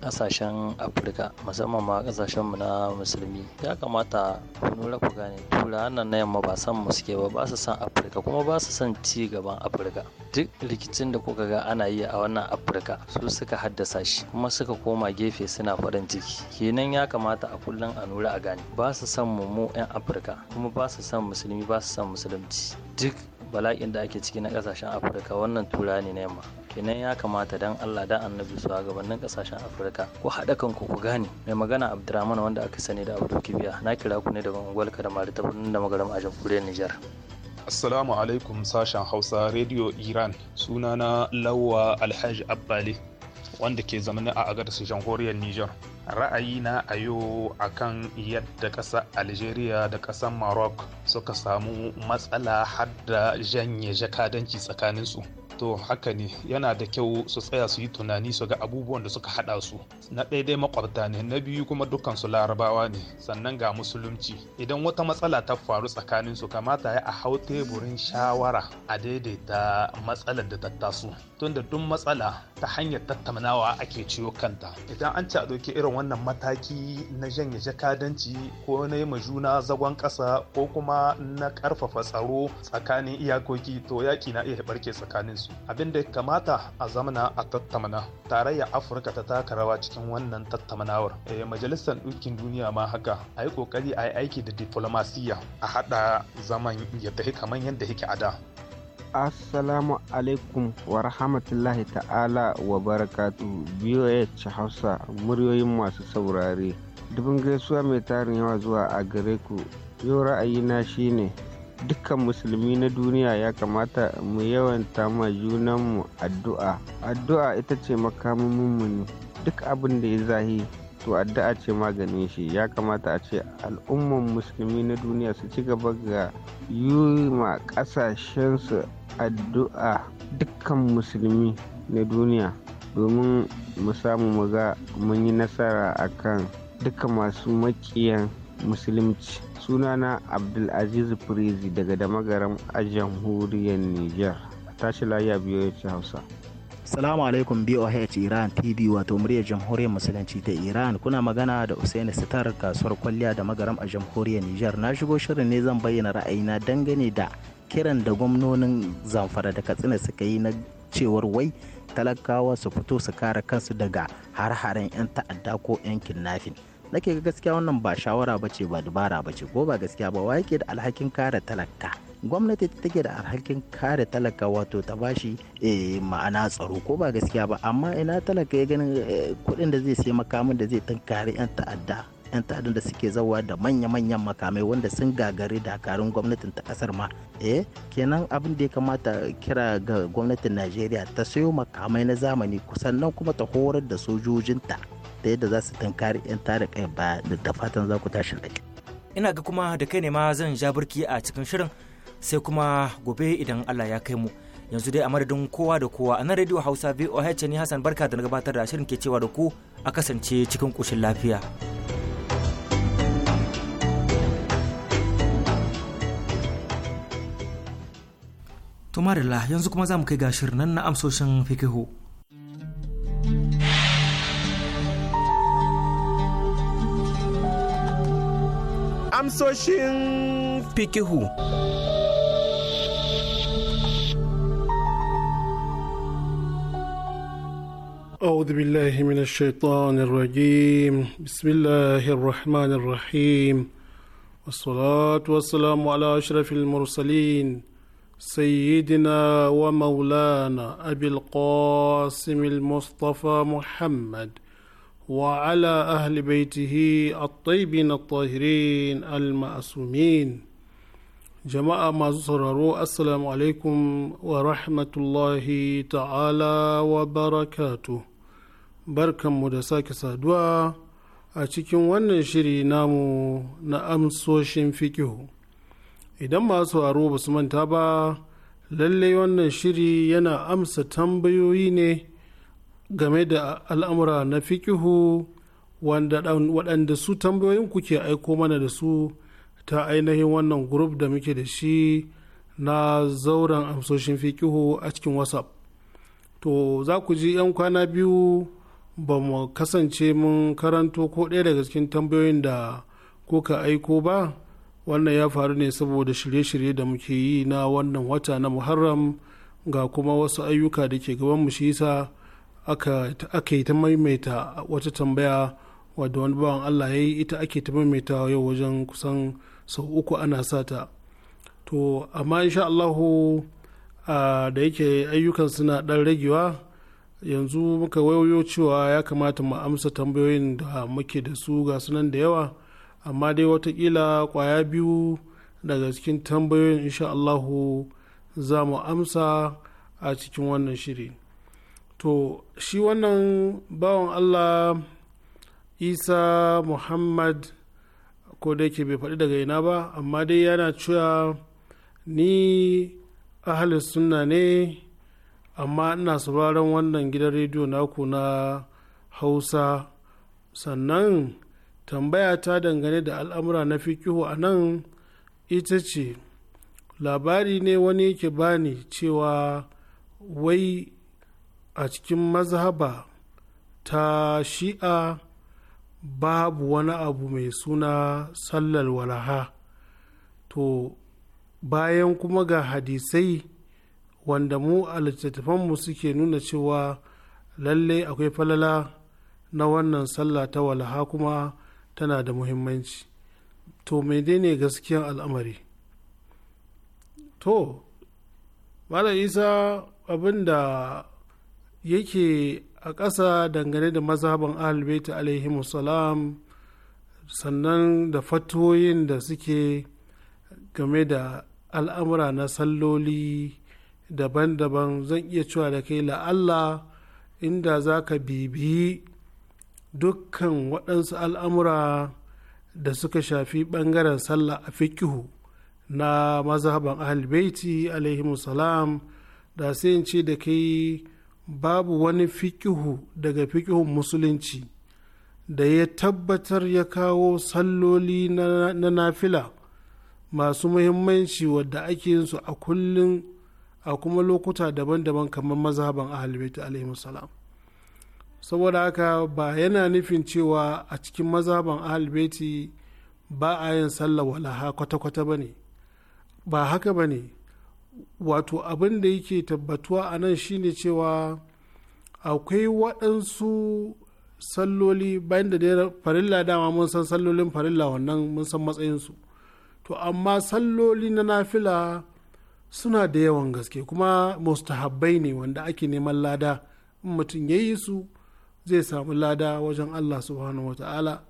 kasashen afirka musamman ma kasashen mu na musulmi ya kamata ku nura ku gane tura nan na yamma ba san mu suke ba ba su san afirka kuma ba su san ci gaban afirka duk rikicin da kuka ga ana yi a wannan afirka su suka haddasa shi kuma suka koma gefe suna farin ciki kenan ya kamata a kullum a nura a gane ba su san mu mu 'yan afirka kuma ba su san musulmi ba su san musulunci duk bala'in da ake ciki na kasashen afirka wannan tura ne na yamma kenan ya kamata dan Allah da annabi su gabanin kasashen Afirka ku haɗa kanku ku gane mai magana Abdurrahman wanda aka sani da Abdul Kibiya na kira ku ne daga unguwar Kadamari ta birnin da magaram a jamhuriyar Nijar Assalamu alaikum sashen Hausa Radio Iran sunana lawa Alhaji Abbali wanda ke zamani a agadar jamhuriyar Nijar ra'ayina a yau akan yadda ƙasa algeria da ƙasar maroc suka samu matsala hadda janye jakadanci tsakaninsu to haka ne yana da kyau su tsaya su yi tunani su ga abubuwan da suka hada su na ɗaya dai makwabta ne na biyu kuma dukkan su larabawa ne sannan ga musulunci idan wata matsala ta faru tsakanin su kamata ya a hau teburin shawara a daidaita matsalar da ta taso tunda duk matsala ta hanyar tattaunawa ake ciwo kanta idan an ci a doki irin wannan mataki na janye jakadanci ko na yi juna zagon ƙasa ko kuma na ƙarfafa tsaro tsakanin iyakoki to yaƙi na iya barke tsakanin su abin da kamata a zamana a tattamana tarayya afirka ta taka rawa cikin wannan tattamanawar eh, majalisar ɗukin duniya ma haka a yi ƙoƙari a yi aiki da diplomasiya a haɗa zaman ya tafi kamar yadda yake a da Assalamu alaikum wa rahmatullahi ta'ala wa barakatu BOH Hausa muryoyin masu saurare. Dubin gaisuwa mai tarin yawa zuwa a gare ku. Yau ra'ayina shine dukkan musulmi na duniya ya kamata mu yawanta ma junanmu addu'a addu'a ita ce makamin mummuni duk abin da ya zahi to addu'a ce maganin shi ya kamata a ce al'umman musulmi na duniya su ci gaba ga yi ma kasashensu addu'a dukkan musulmi na duniya domin mu samu mu ga mun yi nasara akan duka masu maƙiyan. musulunci sunana abdulaziz prezi daga damagaram a jamhuriyar niger tashi lafiya biyu ya ci hausa Salamu alaikum BOH Iran TV wato muryar jamhuriyar musulunci ta Iran kuna magana da Usain Sitar kasuwar kwalliya da magaram a jamhuriyar Nijar na shigo shirin ne zan bayyana ra'ayina dangane da kiran da gwamnonin zamfara da katsina suka yi na cewar wai talakawa su fito su kare kansu daga har-haren 'yan ta'adda ko 'yan kidnapping. nake ga gaskiya wannan ba shawara ba ce ba dubara ba ce ko ba gaskiya ba wa yake da alhakin kare talaka gwamnati ta take da alhakin kare talaka wato ta bashi eh, ma'ana tsaro ko ba gaskiya ba amma ina talaka ya ganin eh, kuɗin da zai sai makamin da zai tunkari 'yan ta'adda 'yan ta'adda da suke zawa da manya-manyan makamai wanda sun gagari dakarun gwamnatin ta kasar ma eh kenan abin da ya kamata kira ga gwamnatin najeriya ta sayo makamai na zamani sannan kuma ta horar da sojojinta ta yadda za su tankari 'yan tare kai ba da fatan za ku tashi tsaki. ina ga kuma da kai ne ma zan ja burki a cikin shirin sai kuma gobe idan Allah ya kai mu yanzu dai a madadin kowa da kowa a nan radio hausa voh ne hassan barka da na gabatar da shirin ke cewa da ku a kasance cikin ƙoshin lafiya. Tumarila yanzu kuma za mu kai ga shirin nan na amsoshin fikihu. amsoshin fikihu. أعوذ بالله من الشيطان الرجيم بسم الله الرحمن الرحيم والصلاة والسلام على أشرف المرسلين سيدنا ومولانا أبي القاسم المصطفى محمد وعلى اهل بيته الطيبين الطاهرين المعصومين جماعه ما زرروا السلام wa rahmatullahi الله wa barakatu. barkanmu da sake saduwa a cikin wannan shiri namu na amsoshin fikihu idan masu aro ba su manta ba lallai wannan shiri yana amsa tambayoyi ne game da al'amura na fikihu waɗanda su tambayoyin kuke aiko mana da su ta ainihin wannan grup da muke da shi na zauren amsoshin fikihu a cikin whatsapp to za ku ji 'yan kwana biyu ba mu kasance mun karanto ko ɗaya daga cikin tambayoyin da kuka aiko ba wannan ya faru ne saboda shirye-shirye da muke yi na wannan wata na muharram ga kuma wasu ayyuka da ke gaban mu shi yasa aka yi ta maimaita wata tambaya wadda wani bawan allah ya yi ita ake ta maimaita yau wajen kusan sau uku ana sata to amma insha allahu da yake ayyukan suna ɗan ragewa yanzu muka wayoyo cewa ya kamata mu amsa tambayoyin da muke da su ga sunan da yawa amma dai watakila kwaya biyu daga cikin tambayoyin insha Allahu za mu amsa a cikin wannan shirin. to shi wannan bawan allah isa muhammad ko da yake bai faɗi daga ina ba amma dai yana cewa ni ahalin sunna ne amma ina sauraron wannan gidan rediyo naku na hausa sannan tambaya ta dangane da al'amura na fikihu a nan ita ce labari ne wani yake bani cewa wai a cikin mazhaba ta shi'a babu wani abu mai suna sallar walaha to bayan kuma ga hadisai wanda mu a littattafanmu suke nuna cewa lalle akwai falala na wannan sallah ta walaha kuma tana da muhimmanci to ne gaskiyan al'amari to malam isa abinda yake a ƙasa dangane da mazhaban alibaita alaihimu salam sannan da fatoyin da suke game da al'amura na salloli daban-daban zan iya cewa da kai la'alla inda za ka bibi dukkan waɗansu al'amura da suka shafi ɓangaren sallah a fikihu na mazhaban alibaiti alaihimu salam da sai ce da kai babu wani fikihu daga fikihun musulunci da ya tabbatar ya kawo salloli na nafila masu muhimmanci wadda ake yin su a kullum a kuma lokuta daban-daban kamar mazhaban ahalibaita alaihi salam saboda haka ba yana nufin cewa a cikin mazhaban ahalibaiti ba a yin sallah walaha kwata-kwata ba ne ba haka ba ne wato abin da yake tabbatuwa a nan shine cewa akwai waɗansu salloli bayan da dai farilla dama mun san sallolin farilla wannan mun san matsayinsu to amma salloli na nafila suna da yawan gaske kuma mustahabbai ne wanda ake neman lada in mutum ya yi su zai samu lada wajen allah subhanahu wa ta'ala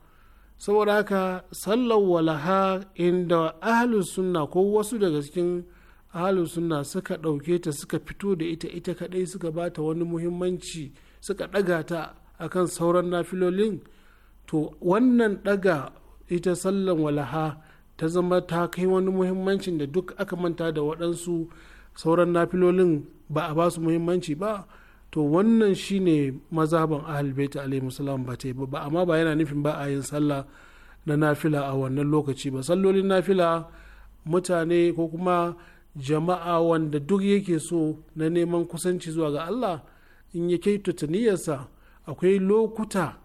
saboda haka sallar walaha inda ahalin sunna ko wasu daga cikin ahalin suna suka ɗauke ta suka fito da ita ita kaɗai suka ba ta wani muhimmanci suka ɗaga ta a kan sauran nafilolin to wannan ɗaga ita sallan walaha ta zama ta kai wani muhimmancin da duk aka manta da waɗansu sauran nafilolin ba a ba su muhimmanci ba to wannan shine mazaban ahal baita alaihi musallam ba ta ba amma ba yana nufin ba a yin sallah na nafila a wannan lokaci ba sallolin nafila mutane ko kuma jama'a wanda duk yake so na neman kusanci zuwa ga Allah in ya kai niyyarsa akwai lokuta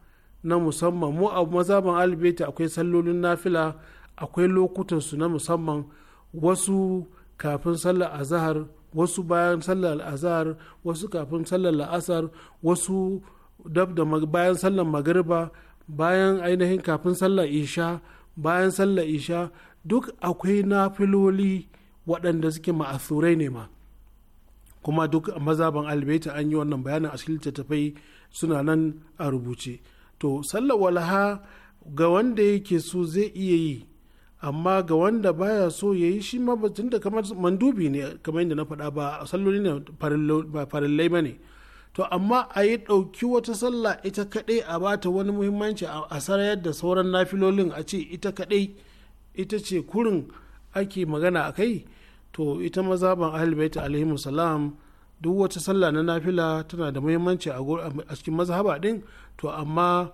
na musamman mu a mazaban albeta akwai sallolin nafila akwai lokutansu na musamman wasu kafin sallar azahar wasu bayan sallar azahar wasu kafin sallar la'asar wasu dab da bayan sallar magariba bayan ainihin kafin sallar isha bayan sallar isha duk akwai nafiloli waɗanda suke ma'asurai ne ma kuma duk mazaban albaita an yi wannan bayanin a cikin littattafai suna nan a rubuce to sallar walaha ga wanda yake so zai iya yi amma ga wanda baya so ya yi shi mabacin da kamar mandubi ne kamar yadda na faɗa ba salloli ne ba farillai ba ne to amma a yi ɗauki wata sallah ita kaɗai a bata wani muhimmanci a sarayar da sauran nafilolin a ce ita kaɗai ita ce kurin ake magana a kai to ita mazaban ahlulbaiti alaihi salam duk wata sallah na nafila tana da muhimmanci a cikin mazhaba din to amma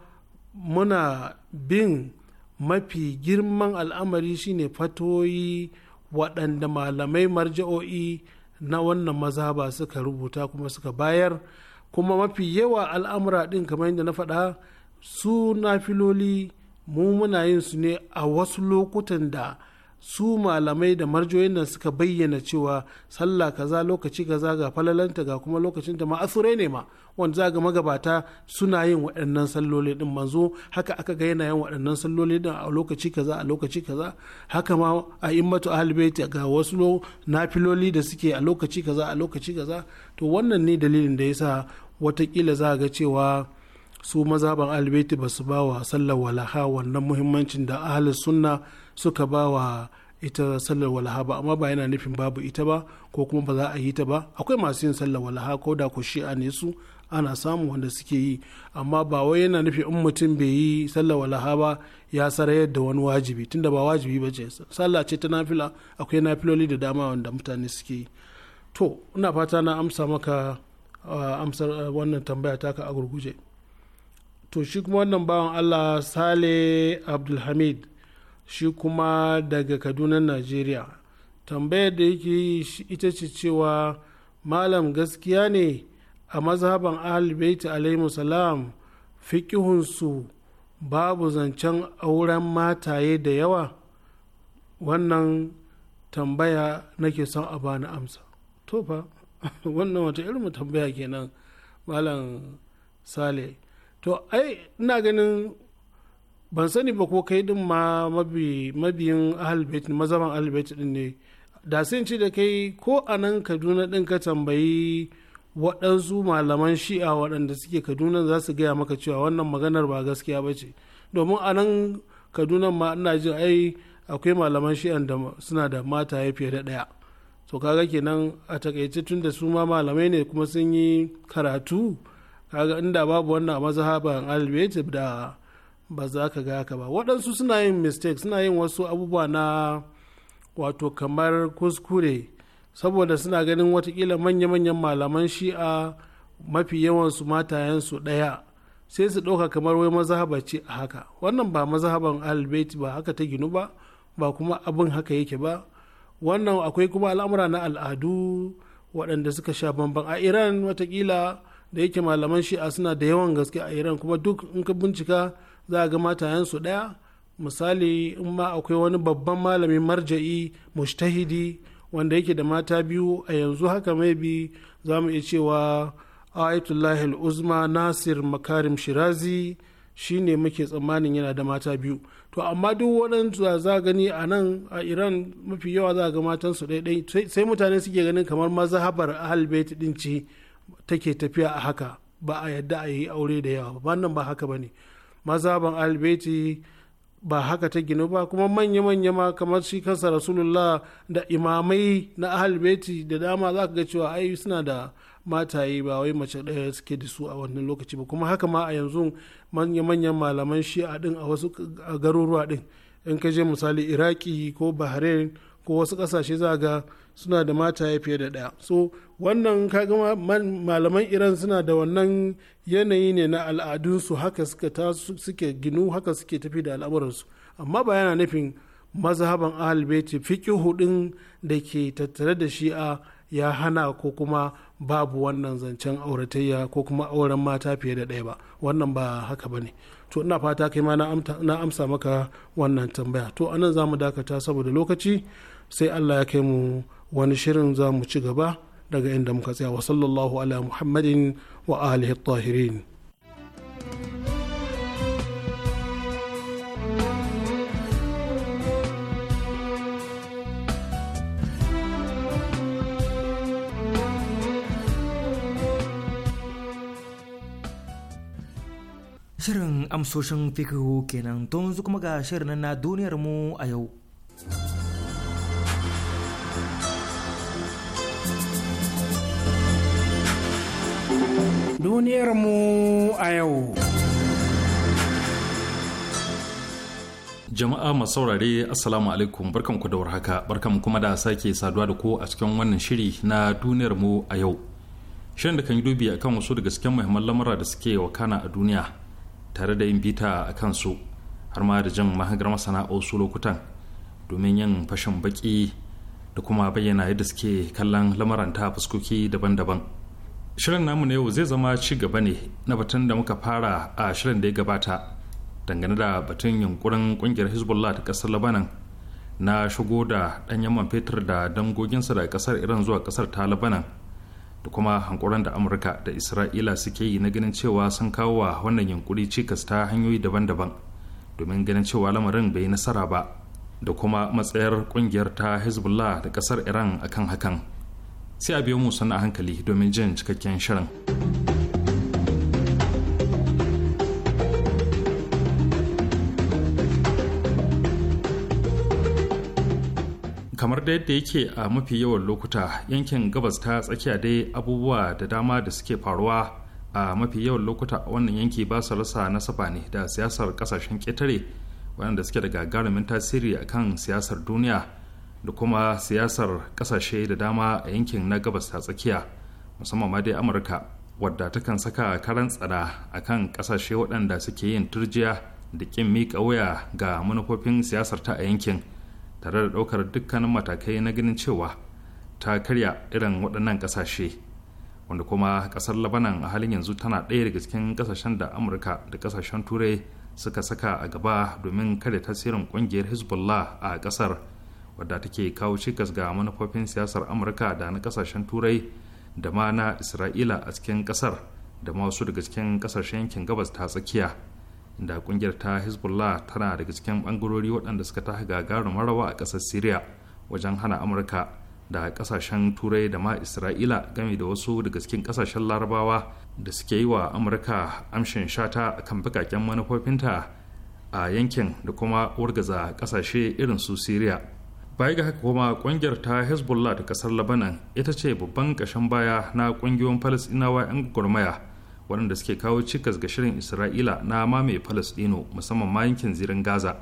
muna bin mafi girman al'amari shine fatoyi waɗanda malamai marja'o'i na wannan mazhaba suka rubuta kuma suka bayar kuma mafi yawa al'amura din kamar yadda na faɗa su nafiloli mu muna yin su ne a wasu lokutan da su malamai da marjoyin nan suka bayyana cewa sallah kaza lokaci kaza ga falalanta ga kuma lokacin da ma'asure ne ma wanda za ga magabata suna yin waɗannan salloli din manzo haka aka ga yana yin waɗannan salloli din a lokaci kaza a lokaci kaza haka ma a immatu ahlbayt ga wasu nafiloli da suke a lokaci kaza a lokaci kaza to wannan ne dalilin da yasa watakila za ga cewa su mazaban ahlbayt ba su ba wa sallar walaha wannan muhimmancin da ahlus sunna suka ba wa ita sallar walaha ba amma ba yana nufin babu ita ba ko kuma ba za a yi ta ba akwai masu yin sallar walaha ko da ku shi'a ne su ana samu wanda suke yi amma ba wai yana nufi in mutum bai yi sallar walaha ba ya sarar yadda wani wajibi tunda ba wajibi ba ce sallah ce ta nafila akwai nafiloli da dama wanda mutane suke yi to ina fata na amsa maka amsar wannan tambaya taka a gurguje to shi kuma wannan bawan allah sale abdulhamid shi kuma daga kaduna najeriya tambayar da yake ita ce cewa malam gaskiya ne a mazhaban ahalibaiti alaihi salam fikihunsu babu zancen auren mataye da yawa wannan tambaya nake son a bani amsa to fa wannan wata irin tambaya kenan malam sale to ai ina ganin ban sani ba ko kai din ma mabiyin ahalbet mazaban ahalbet din ne da sun ci da kai ko a nan kaduna din ka tambayi waɗansu malaman shi'a waɗanda suke kaduna za su gaya maka cewa wannan maganar ba gaskiya ba ce domin a nan kaduna ma ina jin ai akwai malaman shi'a da suna da mata ya fiye da ɗaya to kaga kenan a takaice tun da su ma malamai ne kuma sun yi karatu kaga inda babu wannan a mazhaban albeit da ba za ka ga haka ba waɗansu suna yin mistake suna yin wasu abubuwa na wato kamar kuskure saboda suna ganin watakila manya-manyan malaman shi'a mafi yawan yawansu matayensu ɗaya sai su ɗauka kamar wai mazahaba ce a haka wannan ba mazahaban albait ba haka ta ginu ba ba kuma abin haka yake ba wannan akwai kuma al'amura na al'adu waɗanda suka sha bamban a iran watakila da yake malaman shi'a suna da yawan gaske a iran kuma duk in ka bincika za a ga matayensu ɗaya misali in ma akwai wani babban malami marja'i mushtahidi wanda yake da mata biyu a yanzu haka mai bi za mu iya cewa ayatullahi uzma nasir makarim shirazi shine ne muke tsammanin yana da mata biyu to amma duk waɗanda za a gani a nan a iran mafi yawa za a ga matansu ɗaiɗai sai mutane suke ganin kamar mazhabar ahal bait ɗin ce take tafiya a haka ba a yadda a yi aure da yawa ba nan ba haka ba ne mazaban albeti ba haka ta ginu ba kuma manya-manya ma kamar shi kansa rasulullah da imamai na albeti da dama za ka ga cewa ai suna da mataye ba wai mace ɗaya suke da su a wannan lokaci ba kuma haka ma a yanzu manya-manyan malaman shi'a din a wasu garuruwa din in ka je misali iraki ko bahrain ko wasu kasashe za ga suna da mata ya fiye da ɗaya so wannan kaga malaman iran suna da wannan yanayi ne na al'adunsu haka suke ginu haka suke tafi da al'amuransu amma ba yana nufin mazhaban ahalbeti fiƙi hudun da ke tattare da shi'a ya hana ko kuma babu wannan zancen auratayya ko kuma auren mata fiye da ɗaya ba wannan ba haka ba ne to ina fata kai ma na amsa maka wannan tambaya to anan za mu dakata saboda lokaci sai allah ya kai mu wani shirin za mu ci gaba daga inda muka tsaya wa sallallahu ala muhammadin wa alihi tahirin Shirin amsoshin fikihu kenan don yanzu kuma shirin na duniyarmu a yau. duniyar mu a yau. Jama'a masu saurare Assalamu alaikum barkanku da warhaka barkanku kuma da sake saduwa da ku a cikin wannan shiri na duniyar mu a yau. Shirin da kan yi dubi akan wasu daga cikin muhimman lamura da suke wakana a duniya tare da yin bita a su har ma da jan mahangar masana wasu lokutan domin yin fashin baki da kuma bayyana yadda suke kallon lamaranta fuskoki daban-daban. shirin namu na yau zai zama ci gaba ne na batun da muka fara a shirin da ya gabata dangane da batun yunkurin kungiyar hezbollah ta kasar labanan na shigo da ɗanyen man fetur da dangoginsa daga kasar iran zuwa kasar ta labanan da kuma hankuran da amurka da isra'ila suke yi na ganin cewa sun kawo wa wannan yunkuri cikas ta hanyoyi daban-daban domin ganin cewa lamarin bai nasara ba da kuma matsayar kungiyar ta hezbollah da kasar iran akan hakan sai a biyo mu sannan hankali domin jin cikakken shirin. kamar da yadda yake a mafi yawan lokuta yankin gabas ta tsakiya dai abubuwa da dama da suke faruwa a mafi yawan lokuta wannan yanki ba su rasa nasaba ne da siyasar kasashen ƙetare waɗanda suke da gagarumin tasiri akan siyasar duniya da kuma siyasar kasashe da dama a yankin na gabas ta tsakiya musamman ma dai amurka wadda ta kan saka karan tsada a kan kasashe waɗanda suke yin turjiya da ƙin miƙa wuya ga manufofin siyasar ta a yankin tare da ɗaukar dukkanin matakai na ganin cewa ta karya irin waɗannan ƙasashe wanda kuma ƙasar labanan a halin yanzu tana ɗaya daga cikin ƙasashen da amurka da ƙasashen turai suka saka a gaba domin kare tasirin ƙungiyar hezbollah a ƙasar wadda take kawo cikas ga manufofin siyasar amurka da na kasashen turai da ma na isra'ila a cikin kasar da ma wasu daga cikin kasashen yankin gabas ta tsakiya da kungiyar ta hezbollah tana daga cikin bangarori waɗanda suka ta gagarumin marawa a ƙasar syria wajen hana amurka da kasashen turai da ma isra'ila game da wasu daga cikin kasashen larabawa da suke yi wa amurka amshin shata kan bakaken manufofinta a yankin da kuma wargaza kasashe irin su syria baya ga haka kuma kungiyar ta hezbollah da kasar labanan ita ce babban kashen baya na kungiyoyin falasdinawa 'yan gwagwarmaya waɗanda suke kawo cikas ga shirin isra'ila na mamaye falasdino musamman ma yankin zirin gaza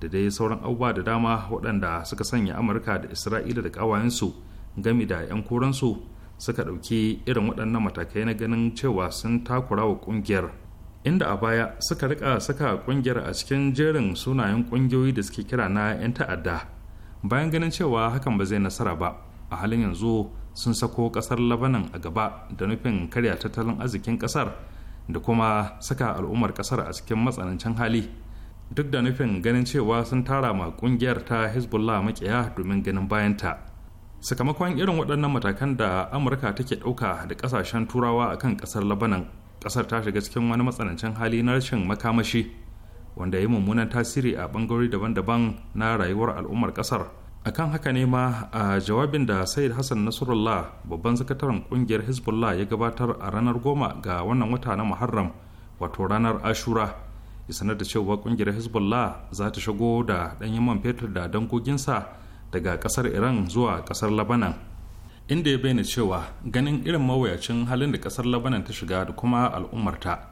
da dai sauran abubuwa da dama waɗanda suka sanya amurka da isra'ila da ƙawayensu gami da 'yan koransu suka ɗauki irin waɗannan matakai na ganin cewa sun takura wa kungiyar inda a baya suka rika saka kungiyar a cikin jerin sunayen kungiyoyi da suke kira na 'yan ta'adda bayan ganin cewa hakan ba zai nasara ba a halin yanzu sun sako kasar labanan a gaba da nufin karya tattalin arzikin kasar da kuma saka al'ummar kasar a cikin matsanancin hali duk da nufin ganin cewa sun tara ma kungiyar ta hezbollah makiya domin ganin bayanta sakamakon irin waɗannan matakan da amurka take ɗauka da ƙasashen turawa akan ƙasar labanan ƙasar ta shiga cikin wani matsanancin hali na rashin makamashi wanda ya yi mummunan tasiri a bangarori daban-daban na rayuwar al'ummar kasar akan haka ne ma a jawabin da sayid hassan nasrullah babban sakataren kungiyar hezbollah ya gabatar a ranar goma ga wannan wata na muharram wato ranar ashura ya sanar da cewa kungiyar hezbollah za ta shigo da dan man fetur da dangoginsa daga kasar iran zuwa kasar labanan inda ya bayyana cewa ganin irin mawuyacin halin da kasar labanan ta shiga da kuma al'ummarta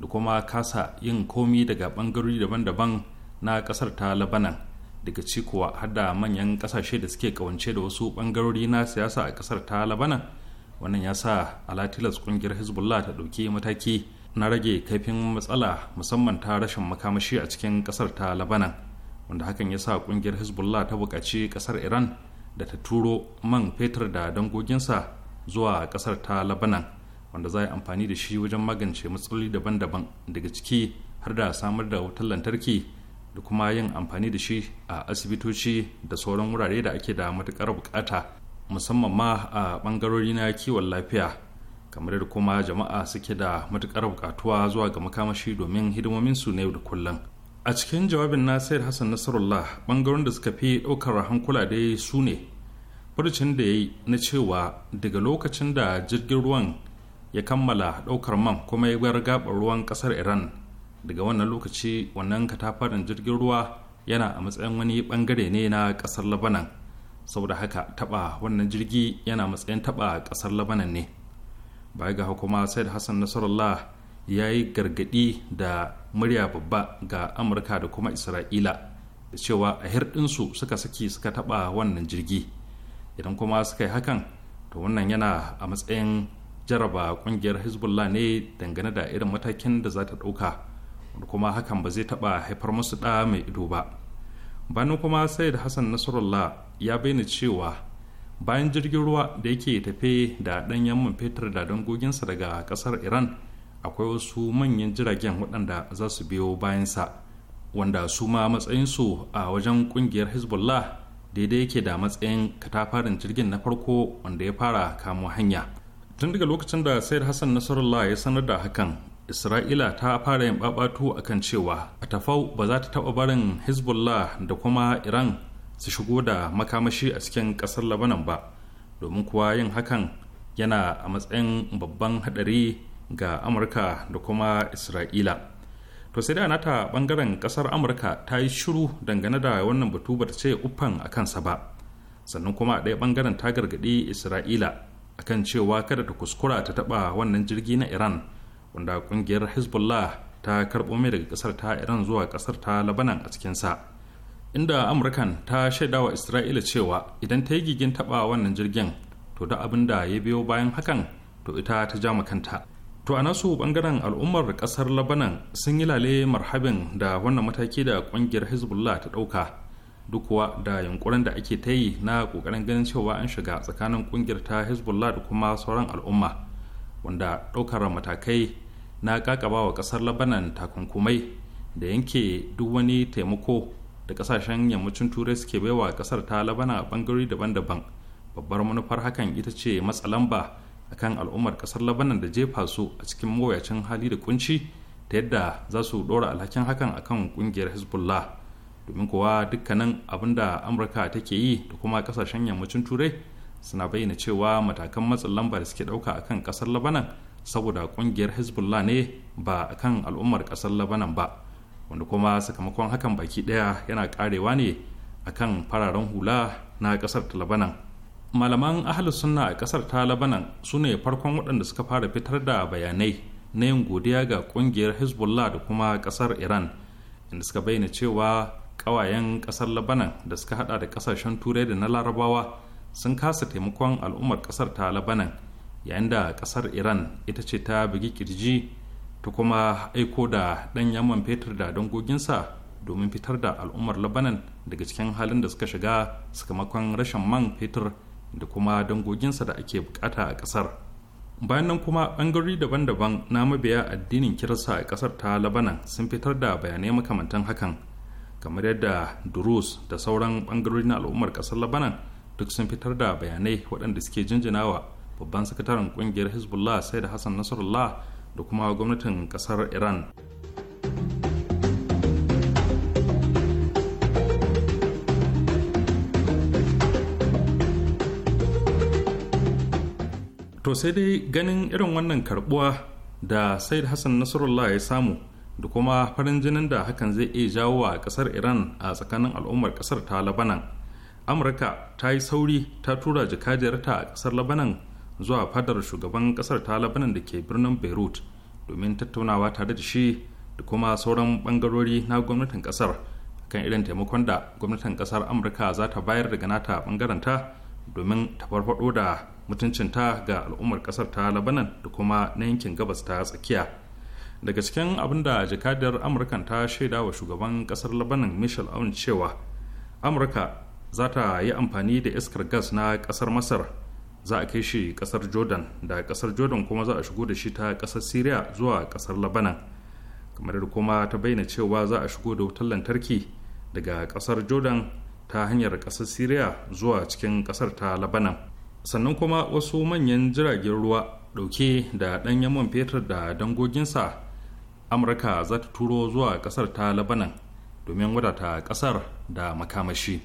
da kuma kasa yin komi daga bangarori daban-daban na kasar ta labanan daga ci har da manyan kasashe da suke kawance da wasu bangarori na siyasa a kasar ta labanan wannan ya sa alatilas kungiyar hezbollah ta ɗauki mataki na rage kaifin matsala musamman ta rashin makamashi a cikin kasar ta labanan wanda hakan ya sa kungiyar hezbollah ta buƙaci kasar iran da ta turo man fetur da dangoginsa zuwa kasar ta labanan wanda za a yi amfani da shi wajen magance matsaloli daban-daban daga ciki har da samar da wutar lantarki da kuma yin amfani da shi a asibitoci da sauran wurare da ake da matukar bukata musamman ma a bangarori na kiwon lafiya kamar da kuma jama'a suke da matukar bukatuwa zuwa ga makamashi domin hidimominsu na yau da kullum a cikin jawabin na sayar hassan nasarullah bangaren da suka fi ɗaukar hankula dai su ne barcin da ya yi na cewa daga lokacin da jirgin ruwan ya kammala ɗaukar man kuma ya gwar gabar ruwan ƙasar iran daga wannan lokaci wannan katafaren jirgin ruwa yana a matsayin wani ɓangare ne na ƙasar labanan saboda haka taɓa wannan jirgi yana matsayin taba ƙasar labanan ne baya ga kuma said hassan nasarallah ya yi gargaɗi da murya babba ga amurka da kuma isra'ila da cewa a hirɗinsu suka saki suka taɓa wannan jirgi idan kuma suka yi hakan to wannan yana a matsayin jaraba kungiyar hezbollah ne dangane da irin matakin da za ta wanda kuma hakan ba zai taɓa haifar musu ɗa mai ido ba bayan kuma da hassan nasarallah ya bayyana cewa bayan jirgin ruwa da yake tafe da ɗanyen man fetur da dangoginsa daga ƙasar iran akwai wasu manyan jiragen waɗanda za su biyo bayansa wanda su ma matsayinsu a wajen kungiyar hezbollah daidai yake da matsayin katafarin jirgin na farko wanda ya fara kamo hanya tun daga lokacin da sayar hassan nasarullah ya sanar da hakan isra'ila ta fara yin babatu akan cewa a tafau ba za ta taba barin hezbollah da kuma iran su shigo da makamashi a cikin kasar labanan ba domin kuwa yin hakan yana a matsayin babban hadari ga amurka da kuma isra'ila to sai da nata bangaren kasar amurka ta yi shiru dangane da wannan batu ba ta ce uffan a kansa ba sannan kuma a ɗaya bangaren ta gargaɗi isra'ila akan cewa kada ta kuskura ta taɓa wannan jirgi na iran wanda ƙungiyar hezbollah ta karɓo mai daga ƙasar ta iran zuwa ƙasar ta labanan a cikinsa inda amurkan ta shaida wa isra'ila cewa idan ta yi gigin taɓa wannan jirgin to da abin da ya biyo bayan hakan to ita ta ja kanta to a nasu bangaren al'ummar ƙasar labanan sun yi lale marhabin da wannan mataki da ƙungiyar hezbollah ta ɗauka duk kuwa da yunkurin da ake ta yi na ƙoƙarin ganin cewa an shiga tsakanin ƙungiyar ta hezbollah da kuma sauran al'umma wanda ɗaukar matakai na wa ƙasar labanan takunkumai da yanke duk wani taimako da ƙasashen yammacin turai suke baiwa ƙasar ta labanan a ɓangarori daban-daban babbar manufar hakan ita ce matsalamba akan al'ummar ƙasar labanan da jefa su a cikin mawuyacin hali da kunci ta yadda za su ɗora alhakin hakan akan ƙungiyar hezbollah domin kowa dukkanin abin da amurka take yi da kuma kasashen yammacin turai suna bayyana cewa matakan matsin lamba da suke dauka akan kasar labanan saboda kungiyar hezbollah ne ba akan al'ummar kasar labanan ba wanda kuma sakamakon hakan baki daya yana karewa ne akan fararen hula na kasar ta labanan malaman ahalus suna a kasar ta labanan su ne farkon waɗanda suka fara fitar da bayanai na yin godiya ga kungiyar hezbollah da kuma kasar iran inda suka bayyana cewa ƙawayen ƙasar labanan da suka hada da ƙasashen turai da na larabawa sun kasa taimakon al'ummar ƙasar ta labanan yayin da ƙasar iran ita ce ta bugi kirji ta kuma aiko da ɗan yaman fetur da dangoginsa domin fitar da al'ummar labanan daga cikin halin da suka shiga sakamakon rashin man fetur da kuma dangoginsa da ake bukata a ƙasar bayan nan kuma bangarori daban-daban na mabiya addinin kirista a ƙasar ta labanan sun fitar da bayanai makamantan hakan kamar yadda durus da sauran bangarori na al'ummar kasar labanan duk sun fitar da bayanai waɗanda suke jinjinawa babban sakataren kungiyar hezbollah sai da hassan nasarullah da kuma gwamnatin kasar iran to sai dai ganin irin wannan karbuwa da sai da hassan nasarullah ya samu da kuma farin jinin da hakan zai iya jawo wa kasar iran a tsakanin al'ummar kasar ta labanan amurka ta yi sauri ta tura jikajiyarta a kasar labanan zuwa fadar shugaban kasar ta labanan da ke birnin beirut domin tattaunawa tare da shi da kuma sauran bangarori na gwamnatin kasar kan irin taimakon da gwamnatin kasar amurka za ta bayar daga nata bangaranta domin ta farfado da mutuncinta ga al'ummar kasar ta labanan da kuma na yankin gabas ta tsakiya daga cikin abin da jakadiyar amurkan ta shaida wa shugaban kasar labanin michel aun cewa amurka za ta yi amfani da iskar gas na kasar masar za a kai shi kasar jordan da kasar jordan kuma za a shigo da shi ta kasar syria zuwa kasar labanan kamar da kuma ta bayyana cewa za a shigo da wutar lantarki daga kasar jordan ta hanyar kasar syria zuwa cikin kasar ta labanan sannan kuma wasu manyan jiragen ruwa dauke da ɗanyen man fetur da dangoginsa amurka za ta turo zuwa kasar ta labanan domin wadata kasar da makamashi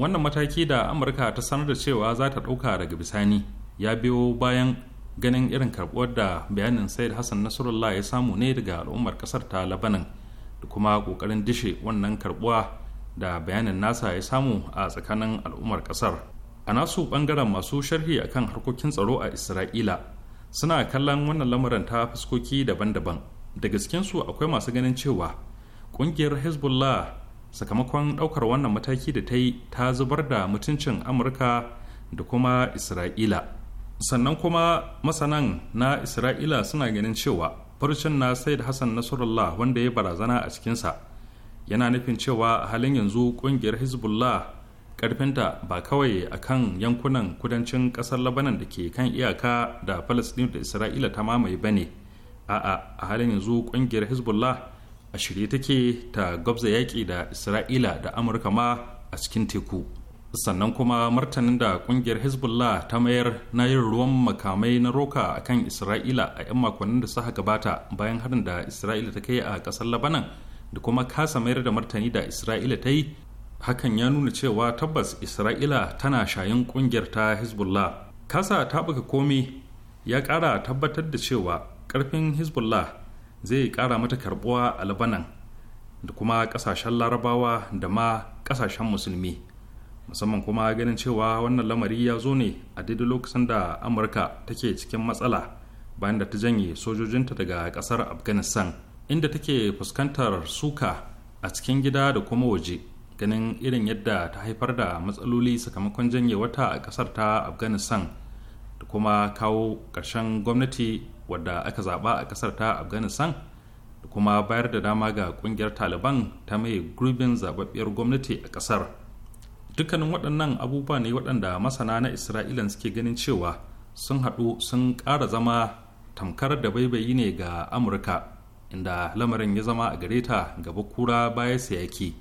wannan mataki da amurka ta sanar da cewa za ta ɗauka daga bisani ya biyo bayan ganin irin karbuwar da bayanin said hassan nasarullah ya samu ne daga al'ummar kasar ta labanan da kuma ƙoƙarin dishe wannan karbuwa da bayanin nasa ya samu a tsakanin al'ummar kasar a nasu ɓangaren masu sharhi akan harkokin tsaro a isra'ila suna kallon wannan lamuran ta fuskoki daban-daban daga su akwai masu ganin cewa ƙungiyar hezbollah sakamakon ɗaukar wannan mataki da ta yi ta zubar da mutuncin amurka da kuma isra'ila sannan kuma masanan na isra'ila suna ganin cewa farcin na said hassan nasrullah wanda ya barazana a cikinsa yana nufin cewa a halin yanzu ƙungiyar hezbollah karfinta ba kawai a kan yankunan kudancin ƙasar labanan da ke kan iyaka da falasɗin da isra'ila ta mamaye ba ne a'a a halin yanzu kungiyar hezbollah a shirye take ta gwabza yaƙi da isra'ila da amurka ma a cikin teku sannan kuma martanin da kungiyar hezbollah ta mayar na yin ruwan makamai na roka a kan isra'ila a 'yan makonnin da suka gabata bayan harin da isra'ila ta kai a ƙasar labanan da kuma kasa mayar da martani da isra'ila ta yi hakan ya nuna cewa tabbas isra'ila tana shayin kungiyar ta hezbollah kasa ta buga komi ya ƙara tabbatar da cewa karfin hezbollah zai kara mata karbuwa a labanan da kuma kasashen larabawa da ma kasashen musulmi musamman kuma ganin cewa wannan lamari ya zo ne a daidai lokacin da amurka take cikin matsala bayan da ta janye sojojinta daga kasar afghanistan inda take fuskantar suka a cikin gida da kuma waje ganin irin yadda ta haifar da matsaloli sakamakon janye wata a kasar ta afghanistan da kuma kawo ƙarshen gwamnati wadda aka zaba a kasar ta afghanistan da kuma bayar da dama ga kungiyar taliban ta mai gurbin zababbiyar gwamnati a kasar dukkanin waɗannan abubuwa ne waɗanda masana na isra'ilan suke ganin cewa sun haɗu sun ƙara zama tamkar da baibayi ne ga amurka inda lamarin ya zama a gare ta gaba kura baya yake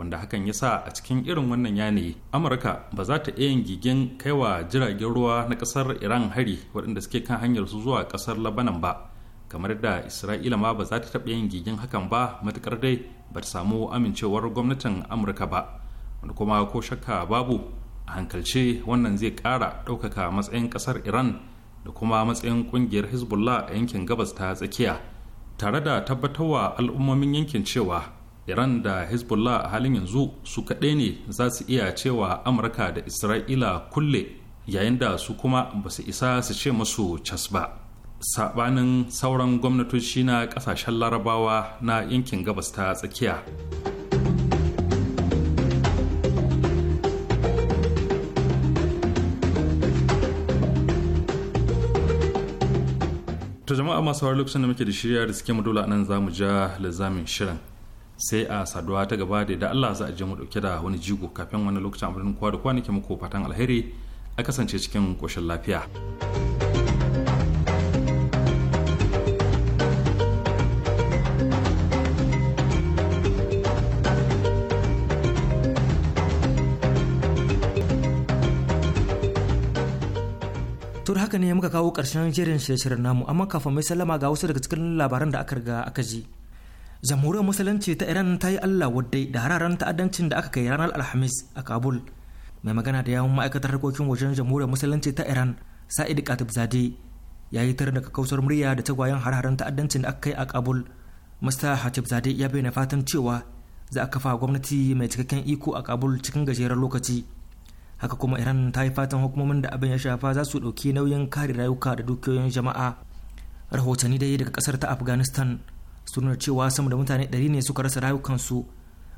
wanda hakan ya sa a cikin irin wannan yanayi amurka ba za ta iya yin gigin kaiwa jiragen ruwa na kasar iran hari waɗanda suke kan hanyar su zuwa kasar labanan ba kamar da isra'ila ma ba za ta taɓa yin gigin hakan ba matukar dai ba ta samu amincewar gwamnatin amurka ba wanda kuma ko shakka babu a hankalce wannan zai ƙara ɗaukaka matsayin ƙasar iran da kuma matsayin ƙungiyar hezbollah a yankin gabas ta tsakiya tare da tabbatarwa al'ummomin yankin cewa iran da hezbollah a halin yanzu su kaɗai ne za su iya cewa amurka da isra'ila kulle yayin da su kuma ba su isa su ce masu cas ba sabanin sauran gwamnatoci na ƙasashen larabawa na yankin gabas ta tsakiya ta jama'a masu lokacin da muke da shirya da suke mu nan za mu ja lizamin shirin sai a saduwa ta gaba da da Allah za a je mu dauke da wani jigo kafin wani lokacin amurin kowa da kwanaki muku fatan alheri a kasance cikin koshin lafiya. tur haka ne muka kawo ƙarshen jerin shirye-shiryen namu amma kafin mai sallama ga wasu daga cikin labaran da aka riga aka ji. jamhuriyar musulunci ta iran ta yi allah wadai da hararen ta'addancin da aka kai ranar alhamis a kabul mai magana da yawon ma'aikatar harkokin wajen jamhuriyar musulunci ta iran sa'id katib zade ya yi tar da kausar murya da tagwayen hararen ta'addancin da aka kai a kabul hatib hatibzade ya bayyana fatan cewa za a kafa gwamnati mai cikakken iko a kabul cikin gajeren lokaci haka kuma iran ta yi fatan hukumomin da abin ya shafa za su ɗauki nauyin kare rayuka da dukiyoyin jama'a rahotanni dai daga kasar ta afghanistan sunar cewa sama da mutane 100 ne suka rasa rayukansu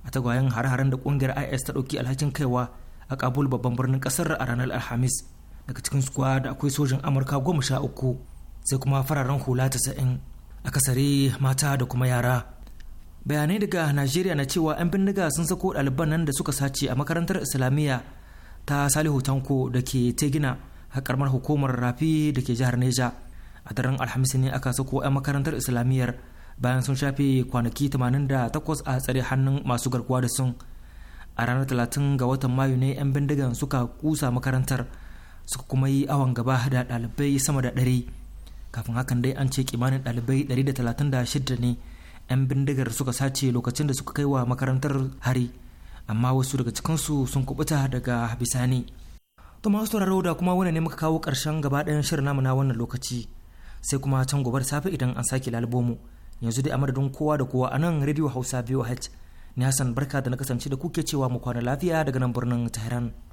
a tagwayen har-haren da kungiyar is ta ɗauki alhakin kaiwa a kabul babban birnin kasar a ranar alhamis daga cikin sukuwa da akwai sojin amurka goma sha uku sai kuma fararen hula tasa'in akasari mata da kuma yara bayanai daga najeriya na cewa 'yan bindiga sun sako ɗaliban nan da suka sace a makarantar islamiyya ta salihu tanko da ke tegina a karamar hukumar rafi da ke jihar neja a daren alhamis ne aka sako 'yan makarantar islamiyyar bayan sun shafe kwanaki 88 a tsare hannun masu garkuwa da sun a ranar 30 ga watan mayu ne 'yan bindigan suka kusa makarantar suka kuma yi awon gaba da dalibai sama da ɗari kafin hakan dai an ce kimanin ɗalibai 136 ne 'yan bindigar suka sace lokacin da suka kai wa makarantar hari amma wasu daga cikinsu sun kubuta daga bisani to masu sauraro da kuma wani ne muka kawo ƙarshen gaba ɗayan shirin namu na wannan lokaci sai kuma can gobe da safe idan an sake lalbomu mu yanzu dai a madadin kowa da kowa a nan radio hausa voh ni hassan barka da na kasance da kuke cewa mu kwana lafiya daga nan birnin tehran